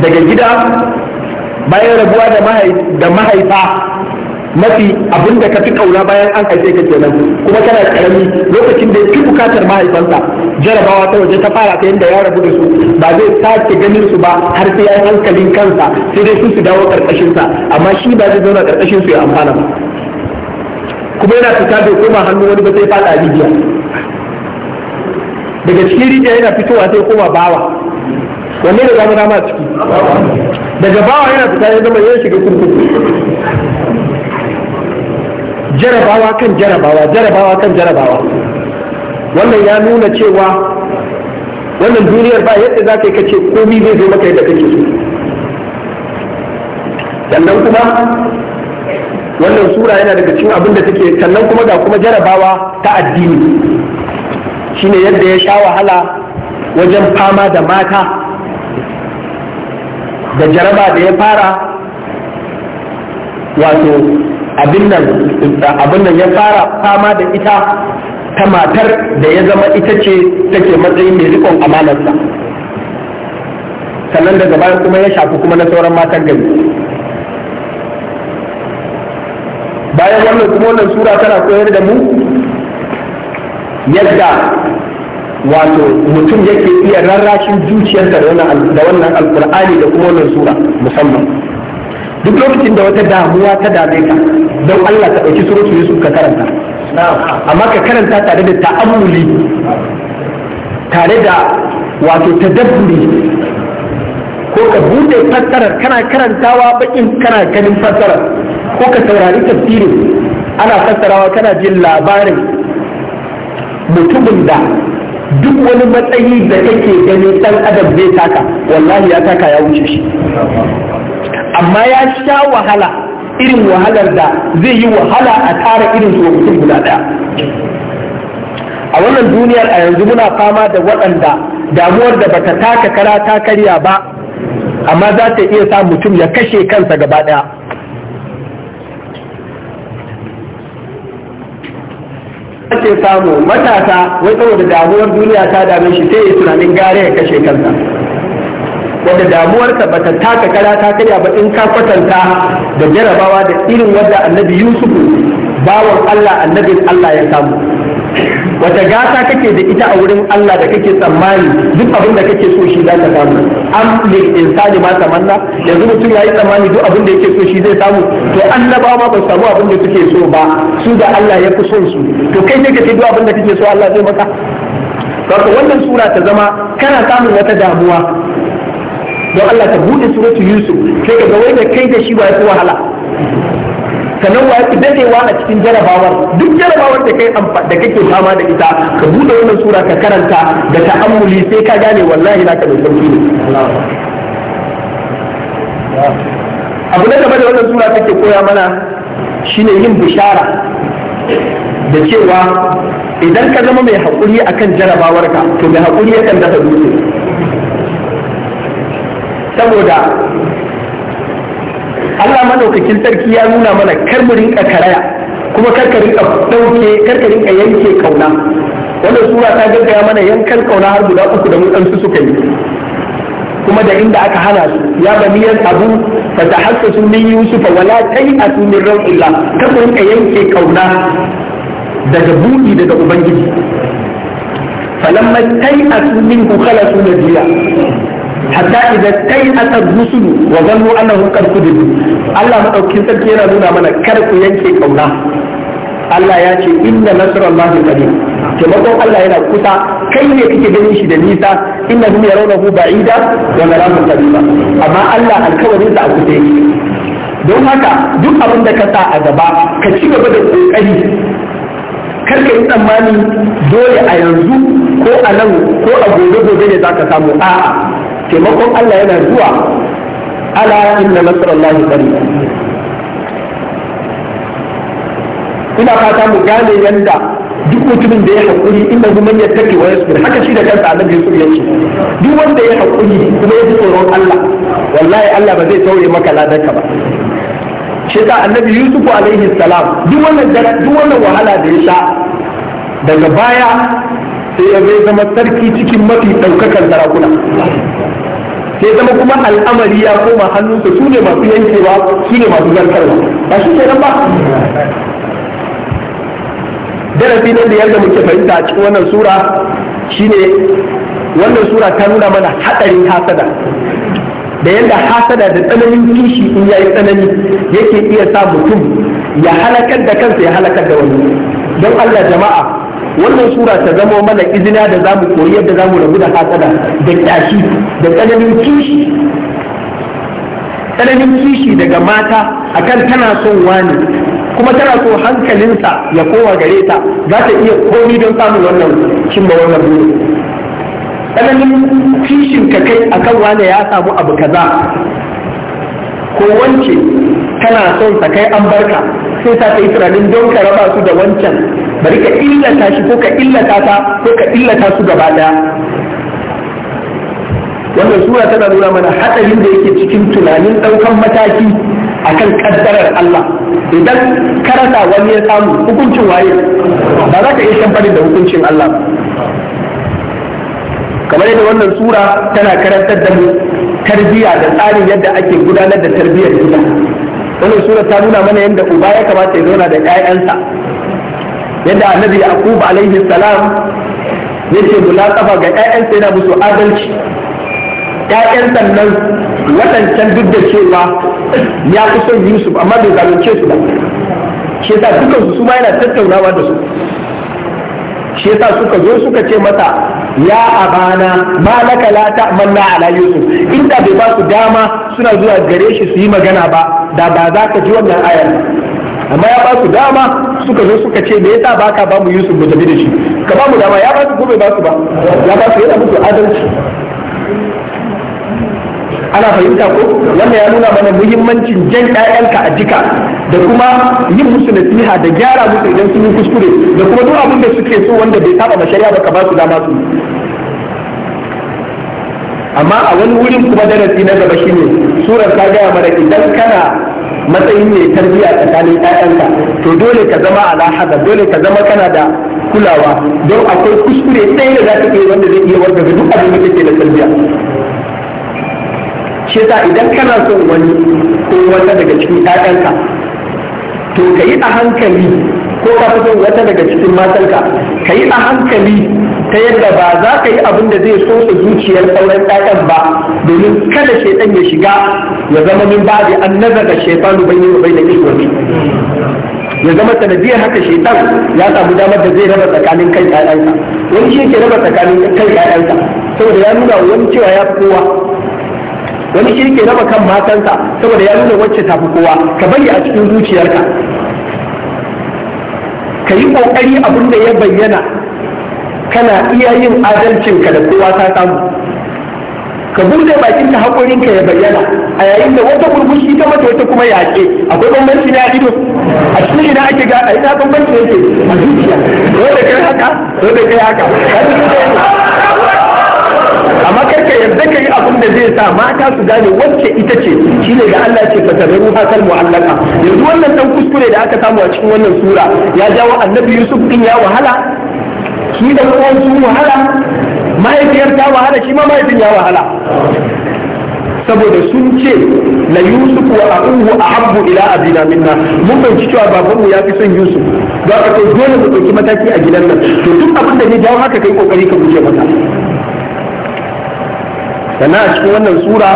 daga gida bayan rabuwa da mahaifa mafi abin da ka fi kauna bayan an haife ka kenan kuma kana karami lokacin da ya fi bukatar mahaifansa jarabawa ta waje ta fara ta yadda ya rabu da su ba zai sake ganin su ba har sai ya yi hankalin kansa sai dai su su dawo karkashin sa amma shi ba zai zauna karkashin su ya amfana ba kuma yana fita bai koma hannu wani ba sai fada rijiya daga cikin rijiya yana fitowa sai koma bawa wanne da zamu rama ciki daga bawa yana fita ya zama ya shiga kurkuku jarabawa kan jarabawa jarabawa kan jarabawa wannan ya nuna cewa wannan duniyar ba yadda za ka yi kace komi zai zo maka yadda kake so sannan kuma wannan sura yana daga cikin abin da take sannan kuma ga kuma jarabawa ta addini shine yadda ya sha wahala wajen fama da mata da jaraba da ya fara wato abin nan ya fara fama da ita ta matar da ya zama ita ce take matsayin mai rikon amalarsa sannan daga bayan kuma ya shafi kuma na sauran matan gari bayan wannan kuma wannan sura tana koyar da mu yadda wato mutum yake iya rarrashin zuciyarsa da wannan alkur'ani da kuma wannan sura musamman duk lokacin da wata damuwa ta dame ka don Allah ta ɗauki surutu Yusuf ka karanta amma ka karanta tare da ta'amuli tare da wato tadabburi ko ka bude fassarar kana karantawa bakin kana ganin fassarar ko ka saurari tafsiri ana fassarawa kana jin labarin mutumin da duk wani matsayi da kake gani ɗan adam zai taka wallahi ya taka ya wuce shi amma ya sha wahala irin wahalar da zai yi wahala a tara irin su mutum guda ɗaya a wannan duniyar a yanzu muna fama da waɗanda damuwar da bata taka kara ta karya ba amma za ta iya sa mutum ya kashe kansa gaba ɗaya ake samu matasa wai saboda damuwar duniya ta dame shi sai ya tunanin gare ya kashe kansa wanda damuwarsa bata taka kara ta karya ba in ka kwatanta da jarabawa da irin wanda annabi yusufu bawan allah annabin allah ya samu wata gata kake da ita a wurin Allah da kake tsammani duk abin da kake so shi za ka samu am lil insani ma tamanna yanzu mutum yayi tsammani duk abin da yake so shi zai samu to annabawa ma ba samu abin da suke so ba su da Allah ya fi son su to kai ne kace duk abin da kake so Allah zai maka wato wannan sura ta zama kana samun wata damuwa don Allah ta bude suratu Yusuf sai ka ga wai da kai da shi ba ya wahala kanan wa yake dadewa a cikin jarabawar duk jarabawar da kai da kake fama da ita ka bude wannan sura ka karanta da ta'ammuli sai ka gane wallahi naka mai sauki ne abu na gaba da wannan sura take koya mana shine yin bishara da cewa idan ka zama mai haƙuri akan jarabawarka to mai haƙuri yakan dafa dutse saboda Allah madaukakin sarki ya nuna mana kar mu rinka karaya kuma kar ka rinka dauke kar ka rinka yanke kauna wannan sura ta gaggaya mana yankan kauna har guda uku da mun su suka yi kuma da inda aka hana su ya bani yan abu fa tahassasu min yusufa wala a min rawillah kar mu rinka yanke kauna daga buɗi daga ubangiji falamma tai'atu minhu khalasu nabiyya hatta idan kai aka rusulu wa zannu annahum qad kudibu Allah madaukin sarki yana nuna mana kar ku yanke kauna Allah ya ce inna nasrallahi qadim taimakon Allah yana kusa kai ne kake ganin shi da nisa inna hum yarawnahu ba'ida wa narahu qariba amma Allah alkawarin sa a kusa yake don haka duk abin da ka sa a gaba ka ci gaba da kokari karka yi tsammani dole a yanzu ko a nan ko a gobe gobe ne za ka samu a'a taimakon Allah yana zuwa ala inna nasrallahi qarib ina fata mu gane yanda duk mutumin da ya haƙuri inda kuma ya take wa yasbir haka shi da kansa annabi yusuf ya ce duk wanda ya haƙuri kuma ya tsoro tsoron Allah wallahi Allah ba zai taure maka ladanka ba shi da annabi yusuf alaihi salam duk wannan duk wannan wahala da ya sha daga baya sai ya zai zama sarki cikin mafi ɗaukakar sarakuna sai zama kuma al'amari ya koma hannunsa su ne masu yankewa su ne masu zartarwa ba shi nan ba darasi nan da da muke fahimta a cikin wannan sura shine wannan sura ta nuna mana hadarin hasada da yadda hasada da tsananin kishi in yayi tsanani yake iya sa mutum ya halakar da kansa ya halakar da wani don Allah jama'a wannan sura ta zama mana izina da zamu koyi yadda zamu rabu da hasada da kyashi da tsananin kishi tsananin kishi daga mata akan tana son wani kuma tana so hankalinsa ya kowa gare ta za ta iya komi don samun wannan cimma wannan buri tsananin kishin ka kai akan wani ya samu abu kaza ko wance tana son sa kai an barka sai sa yi tunanin don ka raba su da wancan bari ka illata shi ko ka illata ta ko ka illata su gaba daya wannan sura tana nuna mana hadarin da yake cikin tunanin daukan mataki akan kaddarar Allah idan karasa wani ya samu hukuncin waye ba za ka iya shamfarin da hukuncin Allah kamar yadda wannan sura tana karantar da mu tarbiya da tsarin yadda ake gudanar da tarbiyyar gida wannan sura ta nuna mana yadda uba ya kamata ya zauna da ƴaƴansa yadda annabi yaqub alaihi salam yake mulaqaba ga ƴaƴansa yana musu adalci ƴaƴan sannan wadancan duk da cewa ya fi son Yusuf amma bai zalunce su ba shi yasa dukansu su ma yana tattaunawa da su shi yasa suka zo suka ce mata ya abana ma laka la ta'manna ala yusuf inda bai ba su dama suna zuwa gare shi su yi magana ba da ba za ka ji wannan ayar amma ya ba su dama suka zo suka ce me yasa baka ba mu yusuf mu tafi da shi ka ba mu dama ya ba su ko bai ba su ba ya ba su yana musu adalci ana fahimta ko wannan ya nuna mana muhimmancin jan ƴaƴanka a jika da kuma yin musu nasiha da gyara musu idan sun yi kuskure da kuma duk abin da suke so wanda bai saba ma shari'a ba ka ba su dama su amma a wani wurin kuma darasi na gaba shine surar ta gaya mana idan kana matsayin mai tarbiyya tsakanin ƴaƴanka to dole ka zama alahada dole ka zama kana da kulawa don akwai kuskure ɗaya da za ka iya wanda zai iya warga duk abin da kake da tarbiya shi yasa idan kana son wani ko wata daga cikin ƴaƴanka to ka yi a hankali ko ka fi son wata daga cikin matanka ka yi a hankali ta yadda ba za ka yi abin da zai su zuciyar sauran ƴaƴan ba domin kada shaitan ya shiga ya zama min ba da an da shaitanu bai yi bai da ne, ya zama sanadiyar haka shaitan ya samu damar da zai raba tsakanin kan ƴaƴansa wani shi yake raba tsakanin kan ƴaƴansa saboda ya nuna wani cewa ya fi kowa wani shi ke raba kan matansa saboda ya nuna wacce tafi kowa ka bari a cikin zuciyarka ka yi kokari abin da ya bayyana kana iya yin adalcinka da kowa ta samu ka bude bakin ta ka ya bayyana a yayin da wata gurgushi ta mata wata kuma yaƙe akwai bambanci na ido a cikin ina ake ga a ina bambanci yake a zuciya wanda kai haka wanda kai haka amma karka yarda ka yi abin da zai sa mata su gane wacce ita ce shine da Allah ce fa tabaru hakal mu'allaka yanzu wannan dan kuskure da aka samu a cikin wannan sura ya jawo annabi Yusuf din ya wahala shi da uwan su wahala mahaifiyar ta wahala shi ma mahaifin ya wahala saboda sun ce la yusuf wa abuhu ahabbu ila abina minna mun fahimci cewa babanmu ya fi son yusuf za ka dole mu ɗauki mataki a gidan nan to duk abin da ne jawo haka kai kokari ka guje mata sana a cikin wannan sura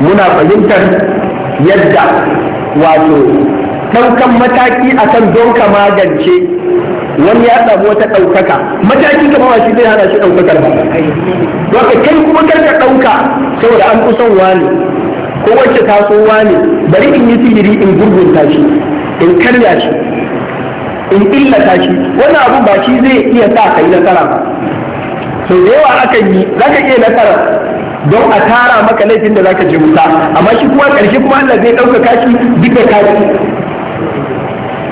muna fahimtar yadda wato ɗaukan mataki akan don ka magance wani ya samu wata ɗaukaka mataki kama ba shi zai hana shi ɗaukakar ba ka kai kuma kar ka ɗauka saboda an kusan wani ko wacce taso wani bari in yi sihiri in gurgunta shi in karya shi in illata shi wannan abu ba shi zai iya sa ka yi nasara ba sau da yawa akan yi za ka iya nasara don a tara maka laifin da zaka je wuta amma shi kuma karshe kuma Allah zai dauka kashi duk da kafi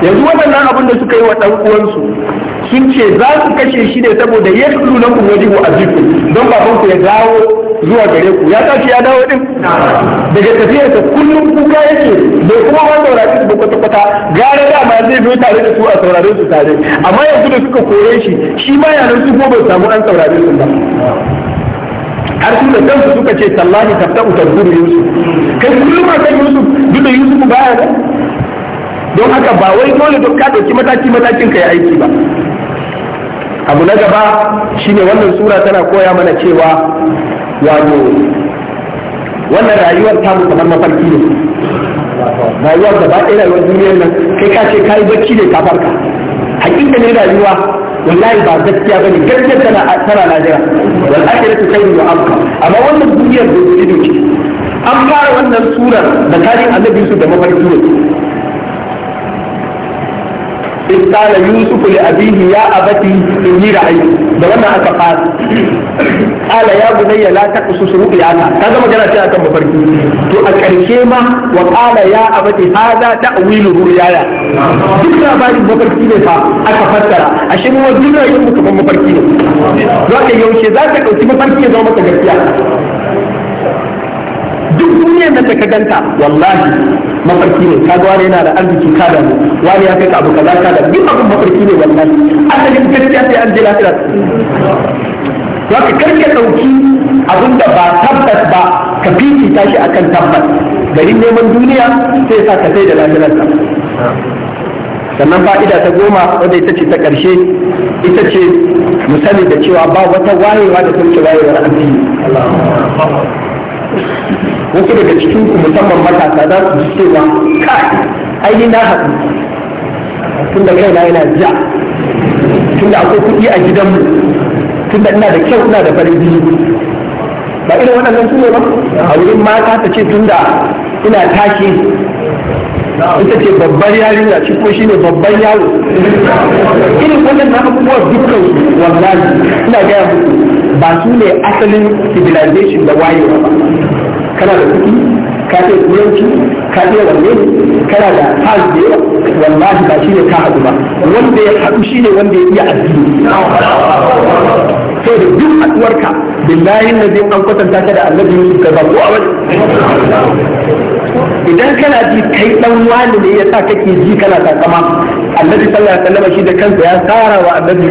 yanzu waɗannan abin da suka yi wa ɗan uwansu sun ce za su kashe shi ne saboda ya tudu na ku waje a ajiku don ku ya dawo zuwa gare ku ya tashi ya dawo din daga tafiyarsa kullum kuka yake bai kuma ba saurari su ba kwata kwata gara da ma zai zo tare da su a saurari su tare amma yanzu da suka kore shi shi ma yanar su ko bai samu an saurari su ba har su da kansu suka ce tallahi utar guru yusuf kai kullum akan yusuf duk da yusuf baya da? don haka ba wai dole duk ka dauki mataki matakin kai aiki ba abu na gaba shine wannan sura tana koya mana cewa wato wannan rayuwar ta kamar mafarki ne rayuwar da ba ɗaya rayuwar duniyar nan kai ka ce kayi bacci ne ka farka hakika ne rayuwa wallahi ba gaskiya bane gaskiya tana tana najira wal akhiratu khayrun wa abqa amma wannan duniyar da ido ce an fara wannan surar da tarihin annabi su da mafarki ne إذ قال يوسف لأبيه يا أبتي إني رأيت da wannan aka fara ala ya bunayya la taqsus ru'yaka ka zama kana ce akan mafarki to a ƙarshe ma wa qala ya abati hadha ta'wilu ru'yaya duk labarin mafarki ne fa aka fassara ashe mu wajen rayuwar mafarki ne yaushe za ka mafarki ya zama maka gaskiya duk duniyar da ka ganta wallahi mafarki ne ka ga yana da arziki ka da wani ya kai ka abu kaza ka da duk abin mafarki ne wallahi asalin gaskiya sai an je lafiya za ka karke ɗauki abin da ba tabbas ba ka fifita shi akan tabbas garin neman duniya sai sa ka sai da ka. sannan fa'ida ta goma wadda ita ce ta ƙarshe ita ce mu da cewa ba wata wayewa da kuma wayewar addini wasu daga cikin ku musamman matasa za su ji cewa kai ai na haɗu tunda kaina yana ja tunda akwai kuɗi a gidanmu tunda ina da kyau ina da farin jini ba irin waɗannan su ne ba a wurin mata ta ce tun da ina tashi ita ce babbar yarinya shi ko shine babban yaro irin wannan na abubuwa dukkan wallahi ina gaya muku ba su ne asalin civilization da wayewa ba kana da kuɗi ka ce kuyanci ka ce wanne kana da hal da yawa wallahi ba shi ne ka haɗu ba wanda ya haɗu shi ne wanda ya iya addini saboda duk haɗuwarka billahi na zai an kwatanta ka da annabi yusuf ka ba ko a wani idan kana ji kai dan wani ne sa kake ji kana takama annabi sallallahu alaihi wasallam shi da kansa ya tsara wa annabi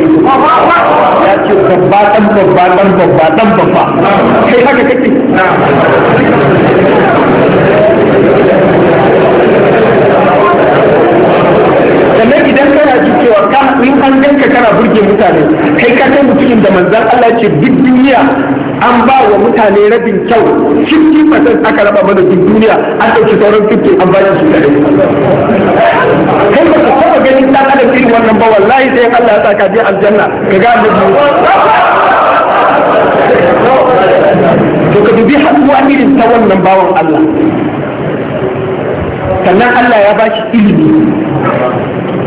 ya ce babba dan babba dan babba dan babba kai haka kake sannan idan kana ji cewa ka in an danka kana burge mutane kai ka kai mutumin da manzan Allah ce duk duniya an ba wa mutane rabin kyau 50% aka raba mana duk duniya an ɗauki sauran 50 an bayan su kare kai ba ka saba ganin ɗan adam irin wannan ba wallahi sai Allah ya ka je aljanna ka ga to ka dubi haɗuwa irin ta wannan bawan Allah sannan Allah ya ba shi ilimi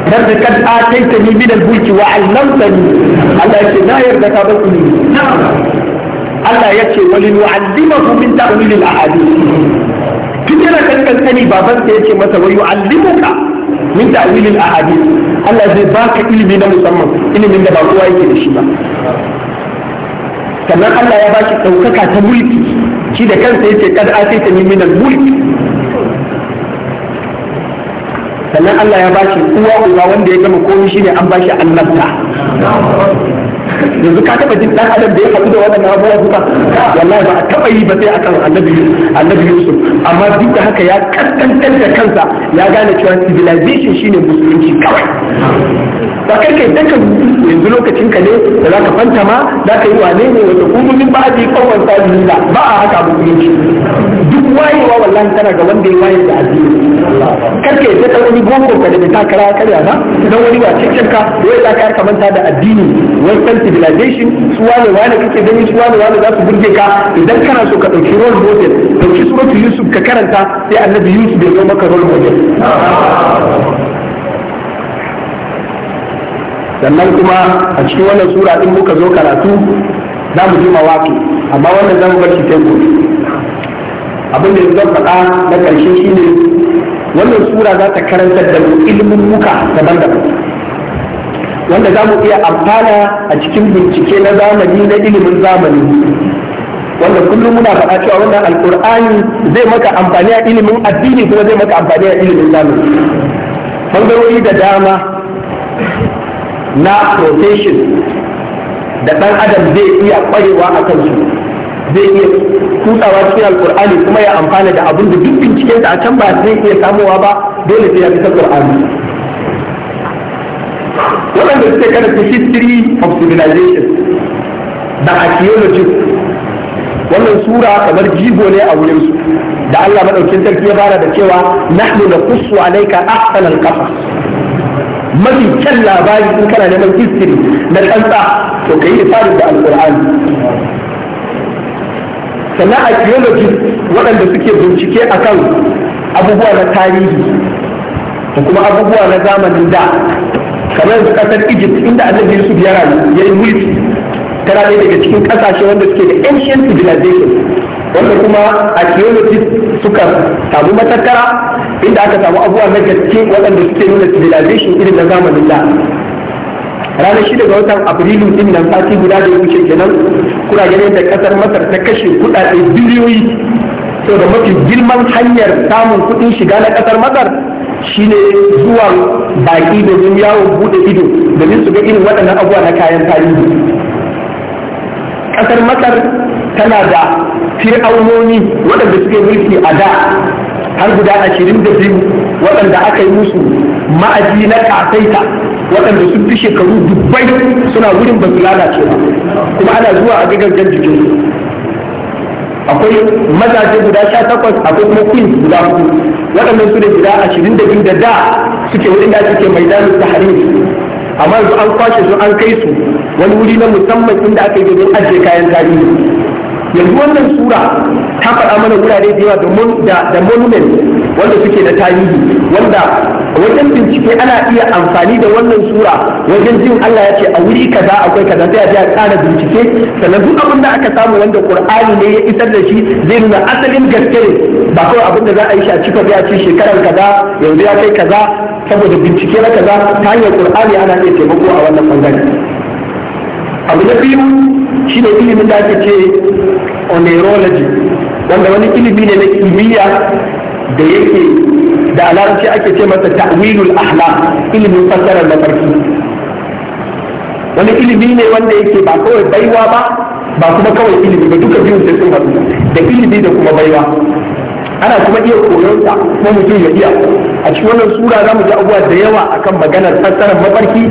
dan da kad ataita ni min al wa 'allamtani Allah yake na yarda ka ban ilimi Allah yake walin wa'allimahu min ta'wil al-ahadith tun yana kankankani baban sa yake masa wa yu'allimuka min ta'wil al-ahadith Allah zai baka ilimi na musamman ilimin da ba kowa yake da shi ba sannan Allah ya baki ɗaukaka ta mulki shi da kansa yace kad ataita ni min al-mulki sannan Allah ya bashi uwa uba wanda ya gama komai shine an bashi annabta yanzu ka taba jin dan adam da ya faɗi da waɗannan abubuwa duka wallahi ba a taba yi ba sai akan annabi annabi Yusuf amma duk da haka ya kaskantar da kansa ya gane cewa civilization shine musulunci kawai ba kai kai danka yanzu lokacin ka ne da zaka fanta ma zaka yi wane ne wata kuma min ba ji kawai sai ba a haka musulunci duk wayewa wallahi tana ga wanda ya waye da addini karke yadda ka wani gogo ka da ta kara karya na, dan wani ba cikin ka wai za ka manta da addini wai san civilization su wane wane kake gani su wane wane za su burge ka idan kana so ka ɗauki role model ɗauki suratu yusuf ka karanta sai annabi yusuf ya zo maka role model sannan kuma a cikin wannan sura din muka zo karatu za mu ji mawaki amma wannan za mu bar shi sai abin da zan faɗa na ƙarshe shine wannan sura za ta karantar da mu ilimin muka daban-daban wanda za mu iya amfana a cikin bincike na zamani na ilimin zamani wanda kullum muna faɗa cewa wannan alkur'ani zai maka amfani a ilimin addini kuma zai maka amfani a ilimin zamani bangarori da dama na profession da ɗan adam zai iya ƙwarewa a kansu zai iya kutsawa cikin alkur'ani kuma ya amfana da abin da duk binciken da a can ba zai iya samowa ba dole sai ya fi ta qur'ani waɗanda suke ta history of civilization da archaeology wannan sura kamar jigo ne a wurin su da Allah madaukin sarki ya fara da cewa nahnu naqussu alayka ahsanal qasas mafi kyan labari in kana neman history na kansa to kai isari da alqur'ani sannan archaeology waɗanda suke bincike akan abubuwa na tarihi da kuma abubuwa na zamanin da kamar yanzu kasar egypt inda annabi yusuf ya rayu ya yi mulki tana ɗaya daga cikin ƙasashe wanda suke da ancient civilization wanda kuma archaeologists suka samu matattara inda aka samu abubuwa na gaske waɗanda suke nuna civilization irin na zamanin da ranar shida ga watan afrilu din nan sati guda da wuce kenan kuna ganin da kasar masar ta kashe kuɗaɗe biliyoyi saboda mafi girman hanyar samun kuɗin shiga na kasar masar Shi shine zuwan baki domin yawon buɗe ido domin su ga irin waɗannan abuwa na kayan tarihi ƙasar masar tana da fir'aunoni waɗanda suke mulki a da har guda ashirin da biyu waɗanda aka yi musu ma'aji na ƙasaita waɗanda sun fi shekaru dubbai suna wurin ba su lalace ba kuma ana zuwa a jan jikinsu akwai mazaje guda sha takwas akwai kuma queens guda hudu waɗannan su ne guda ashirin da biyu da da suke wurin da suke mai damar ta harin amma yanzu an kwashe su an kai su wani wuri na musamman inda aka yi domin ajiye kayan tarihi yanzu wannan sura ta faɗa mana wurare da yawa da monument wanda suke da tarihi wanda wajen bincike ana iya amfani da wannan sura wajen jin Allah ya ce a wuri kaza akwai kaza sai a je a ƙara bincike sannan duk abin da aka samu wanda Qur'ani ne ya isar da shi zai nuna asalin gaske ne ba kawai abin da za a yi shi a cika a ce shekarar kaza yanzu ya kai kaza saboda bincike na kaza ta hanyar Qur'ani ana iya taimako a wannan bangare abu na biyu shi ne ilimin da ake ce onerology wanda wani ilimi ne na kimiyya da yake da alarci ake ce masa ta'wilul ahlam ilimin fassarar mafarki wani ilimi ne wanda yake ba kawai baiwa ba ba kuma kawai ilimi ba duka biyun sai sun haɗu da ilimi da kuma baiwa ana kuma iya koyon ta ko mutum ya iya a cikin wannan sura za mu ji abubuwa da yawa akan maganar fassarar mafarki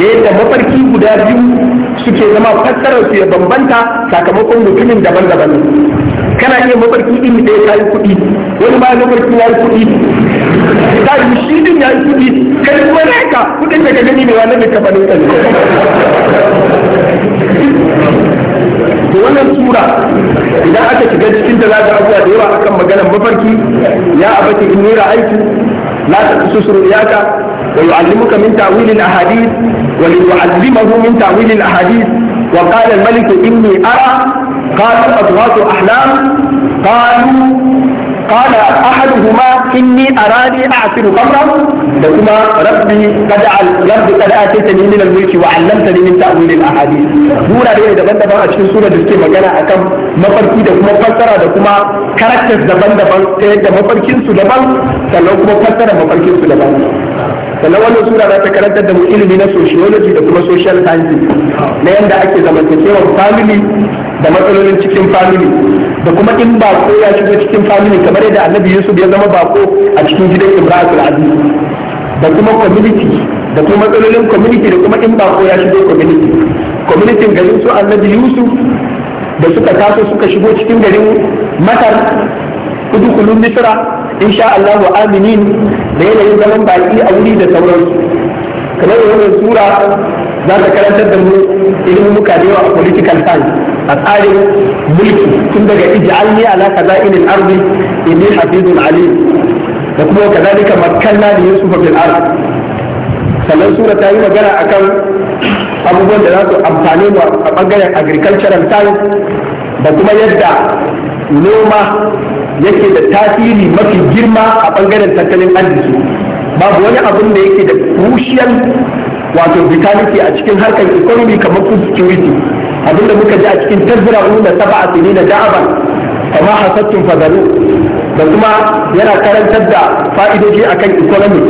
da yadda mafarki guda biyu suke zama fassarar su ya bambanta sakamakon mutumin daban-daban kana iya mafarki din da ya yi kuɗi wani ma mafarki ya yi kuɗi ta yi shi din ya yi kuɗi kai kuma ka kuɗin da ka gani ne wannan da ka bani to wannan sura idan aka shiga cikin da za ga abuwa da yawa akan maganar mafarki ya abati inni ra'aytu la taqsusu ru'yaka wa yu'allimuka min ta'wil al-ahadith wa yu'allimuhu min ta'wil al-ahadith wa qala al-malik inni ara قالوا أضغاث أحلام قالوا قال أحدهما إني أراني أعصر خمرا لكما ربي قد ربي قد آتيتني من الملك وعلمتني من تأويل الأحاديث دورا دي دبن دبن أشكي سورة دسكي مجانا أكم مفرقي دكما فسرة دكما كاركتس دبن دبن تيدا مفرقين سو دبن سلو كما فسرة مفرقين سو دبن sannan wannan sura za ta karantar da mu ilimi na sociology da kuma social sciences na yadda ake zamantakewar family da matsalolin cikin family da kuma in ba ko ya shigo cikin family kamar kamar yadda annabi yusuf ya zama bako a cikin gidan imratul da kuma community da kuma matsalolin community da kuma in bako ya shigo community community garin su annabi yusuf da suka taso suka shigo cikin garin matar udukulun misra insha allahu wa aminin da yanayin zaman baki a wuri da sauransu kamar sura za ta karantar da mu ilimin muka da yawa a political science a tsarin mulki tun daga ij'alni ala kaza'ilil ardi inni hafizun Ali da kuma kazalika makkanna da yusuf fil ard sannan sura ta yi magana akan abubuwan da za su amfani mu a bangaren agricultural science da kuma yadda noma yake da tasiri mafi girma a bangaren tattalin arziki babu wani abin da yake da kushiyar. wato vitality a cikin harkar economy kamar food security abinda muka ji a cikin tazra'u da saba asiri da da'aban kama hasattun fadalu da kuma yana karantar da fa'idoji akan economy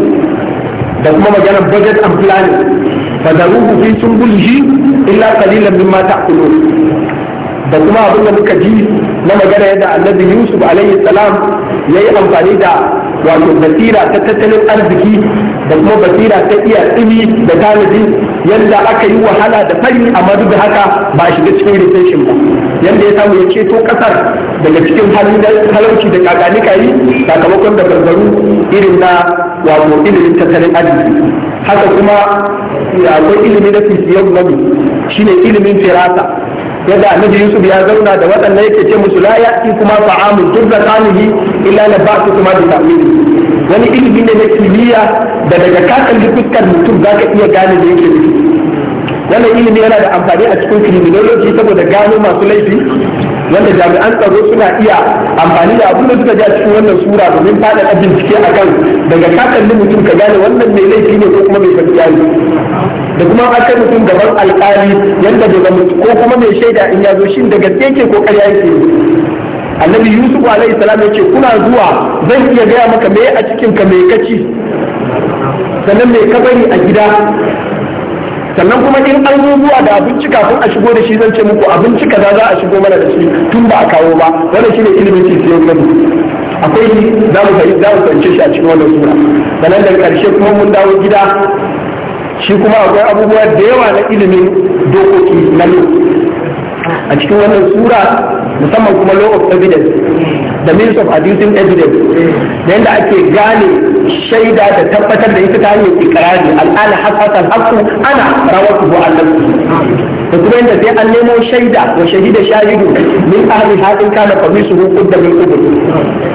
da kuma maganar budget and planning fadaruhu sun sunbulihi illa qalilan mata ta'kulun da kuma abinda muka ji na magana yadda annabi yusuf alaihi salam ya yi amfani da wato basira ta tattalin arziki da kuma basira ta iya tsimi da tanadi yadda aka yi wahala da fari amma duk da haka ba a shiga cikin recession ba yadda ya samu ya ceto kasar daga cikin talauci da kakanika yi sakamakon da barbaru irin na wato ilimin tattalin arziki haka kuma akwai ilimi na fisiyar nabi shine ilimin firasa yadda annabi yusuf ya zauna da waɗanda yake ce musu la ya'ti kuma ta'amul turza illa ba ba'tu kuma da wani ilimi ne na kimiyya da daga kakan fuskar mutum zaka iya gane da yake wannan ilimi yana da amfani a cikin criminology saboda gano masu laifi wanda jami'an tsaro suna iya amfani da abin da suka ji a cikin wannan sura domin faɗaɗa bincike a kan daga kakalli mutum ka gane wannan mai laifi ne ko kuma mai gaskiya ne da kuma an kai mutum gaban alƙali yadda daga ko kuma mai shaida in ya zo shi da gaske yake ko ƙarya yake annabi yusuf alayhi salam ya ce kuna zuwa zan iya gaya maka me a cikin ka me kaci sannan me ka bari a gida sannan kuma in an zo zuwa da abinci kafin a shigo da shi zan ce muku abin cika za a shigo mana da shi tun ba a kawo ba wannan shine ilimin kisiyar gani akwai za mu za mu fahimce shi a cikin wannan sura sannan daga karshe kuma mun dawo gida shi kuma akwai abubuwa da yawa na ilimin dokoki na a cikin wannan sura musamman kuma law of evidence the means of adducing evidence da yadda ake gane shaida da tabbatar da ita ta hanyar ikrari al'ana hasatan haqqu ana rawatuhu an nafsi da kuma yadda sai an nemo shaida wa shahida shahidu min ahli hadin kana famisu hukudda min kubur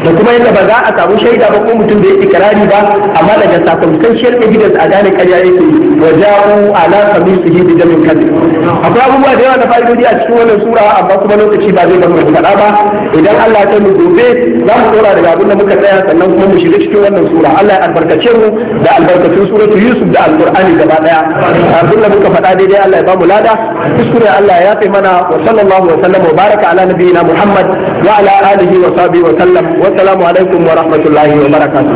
da kuma yadda ba za a samu shaida ba ko mutum da ya ikrari ba amma daga circumstantial evidence a gane karya yake wa ja'u ala famisu hidi da min akwai abubuwa da yawa na fa'idodi a cikin wannan sura amma kuma lokaci ba zai gama faɗa ba idan Allah ta mu gobe za mu dora daga abin da muka tsaya sannan kuma mu shiga cikin wannan sura Allah ya albarkace mu da albarkacin suratu Yusuf da Alqur'ani gaba daya abin da muka faɗa daidai Allah ya ba mu lada kuskure Allah ya fi mana wa sallallahu wa sallam wa baraka ala nabiyina Muhammad wa ala alihi wa sahbihi wa sallam wa assalamu alaikum wa rahmatullahi wa barakatuh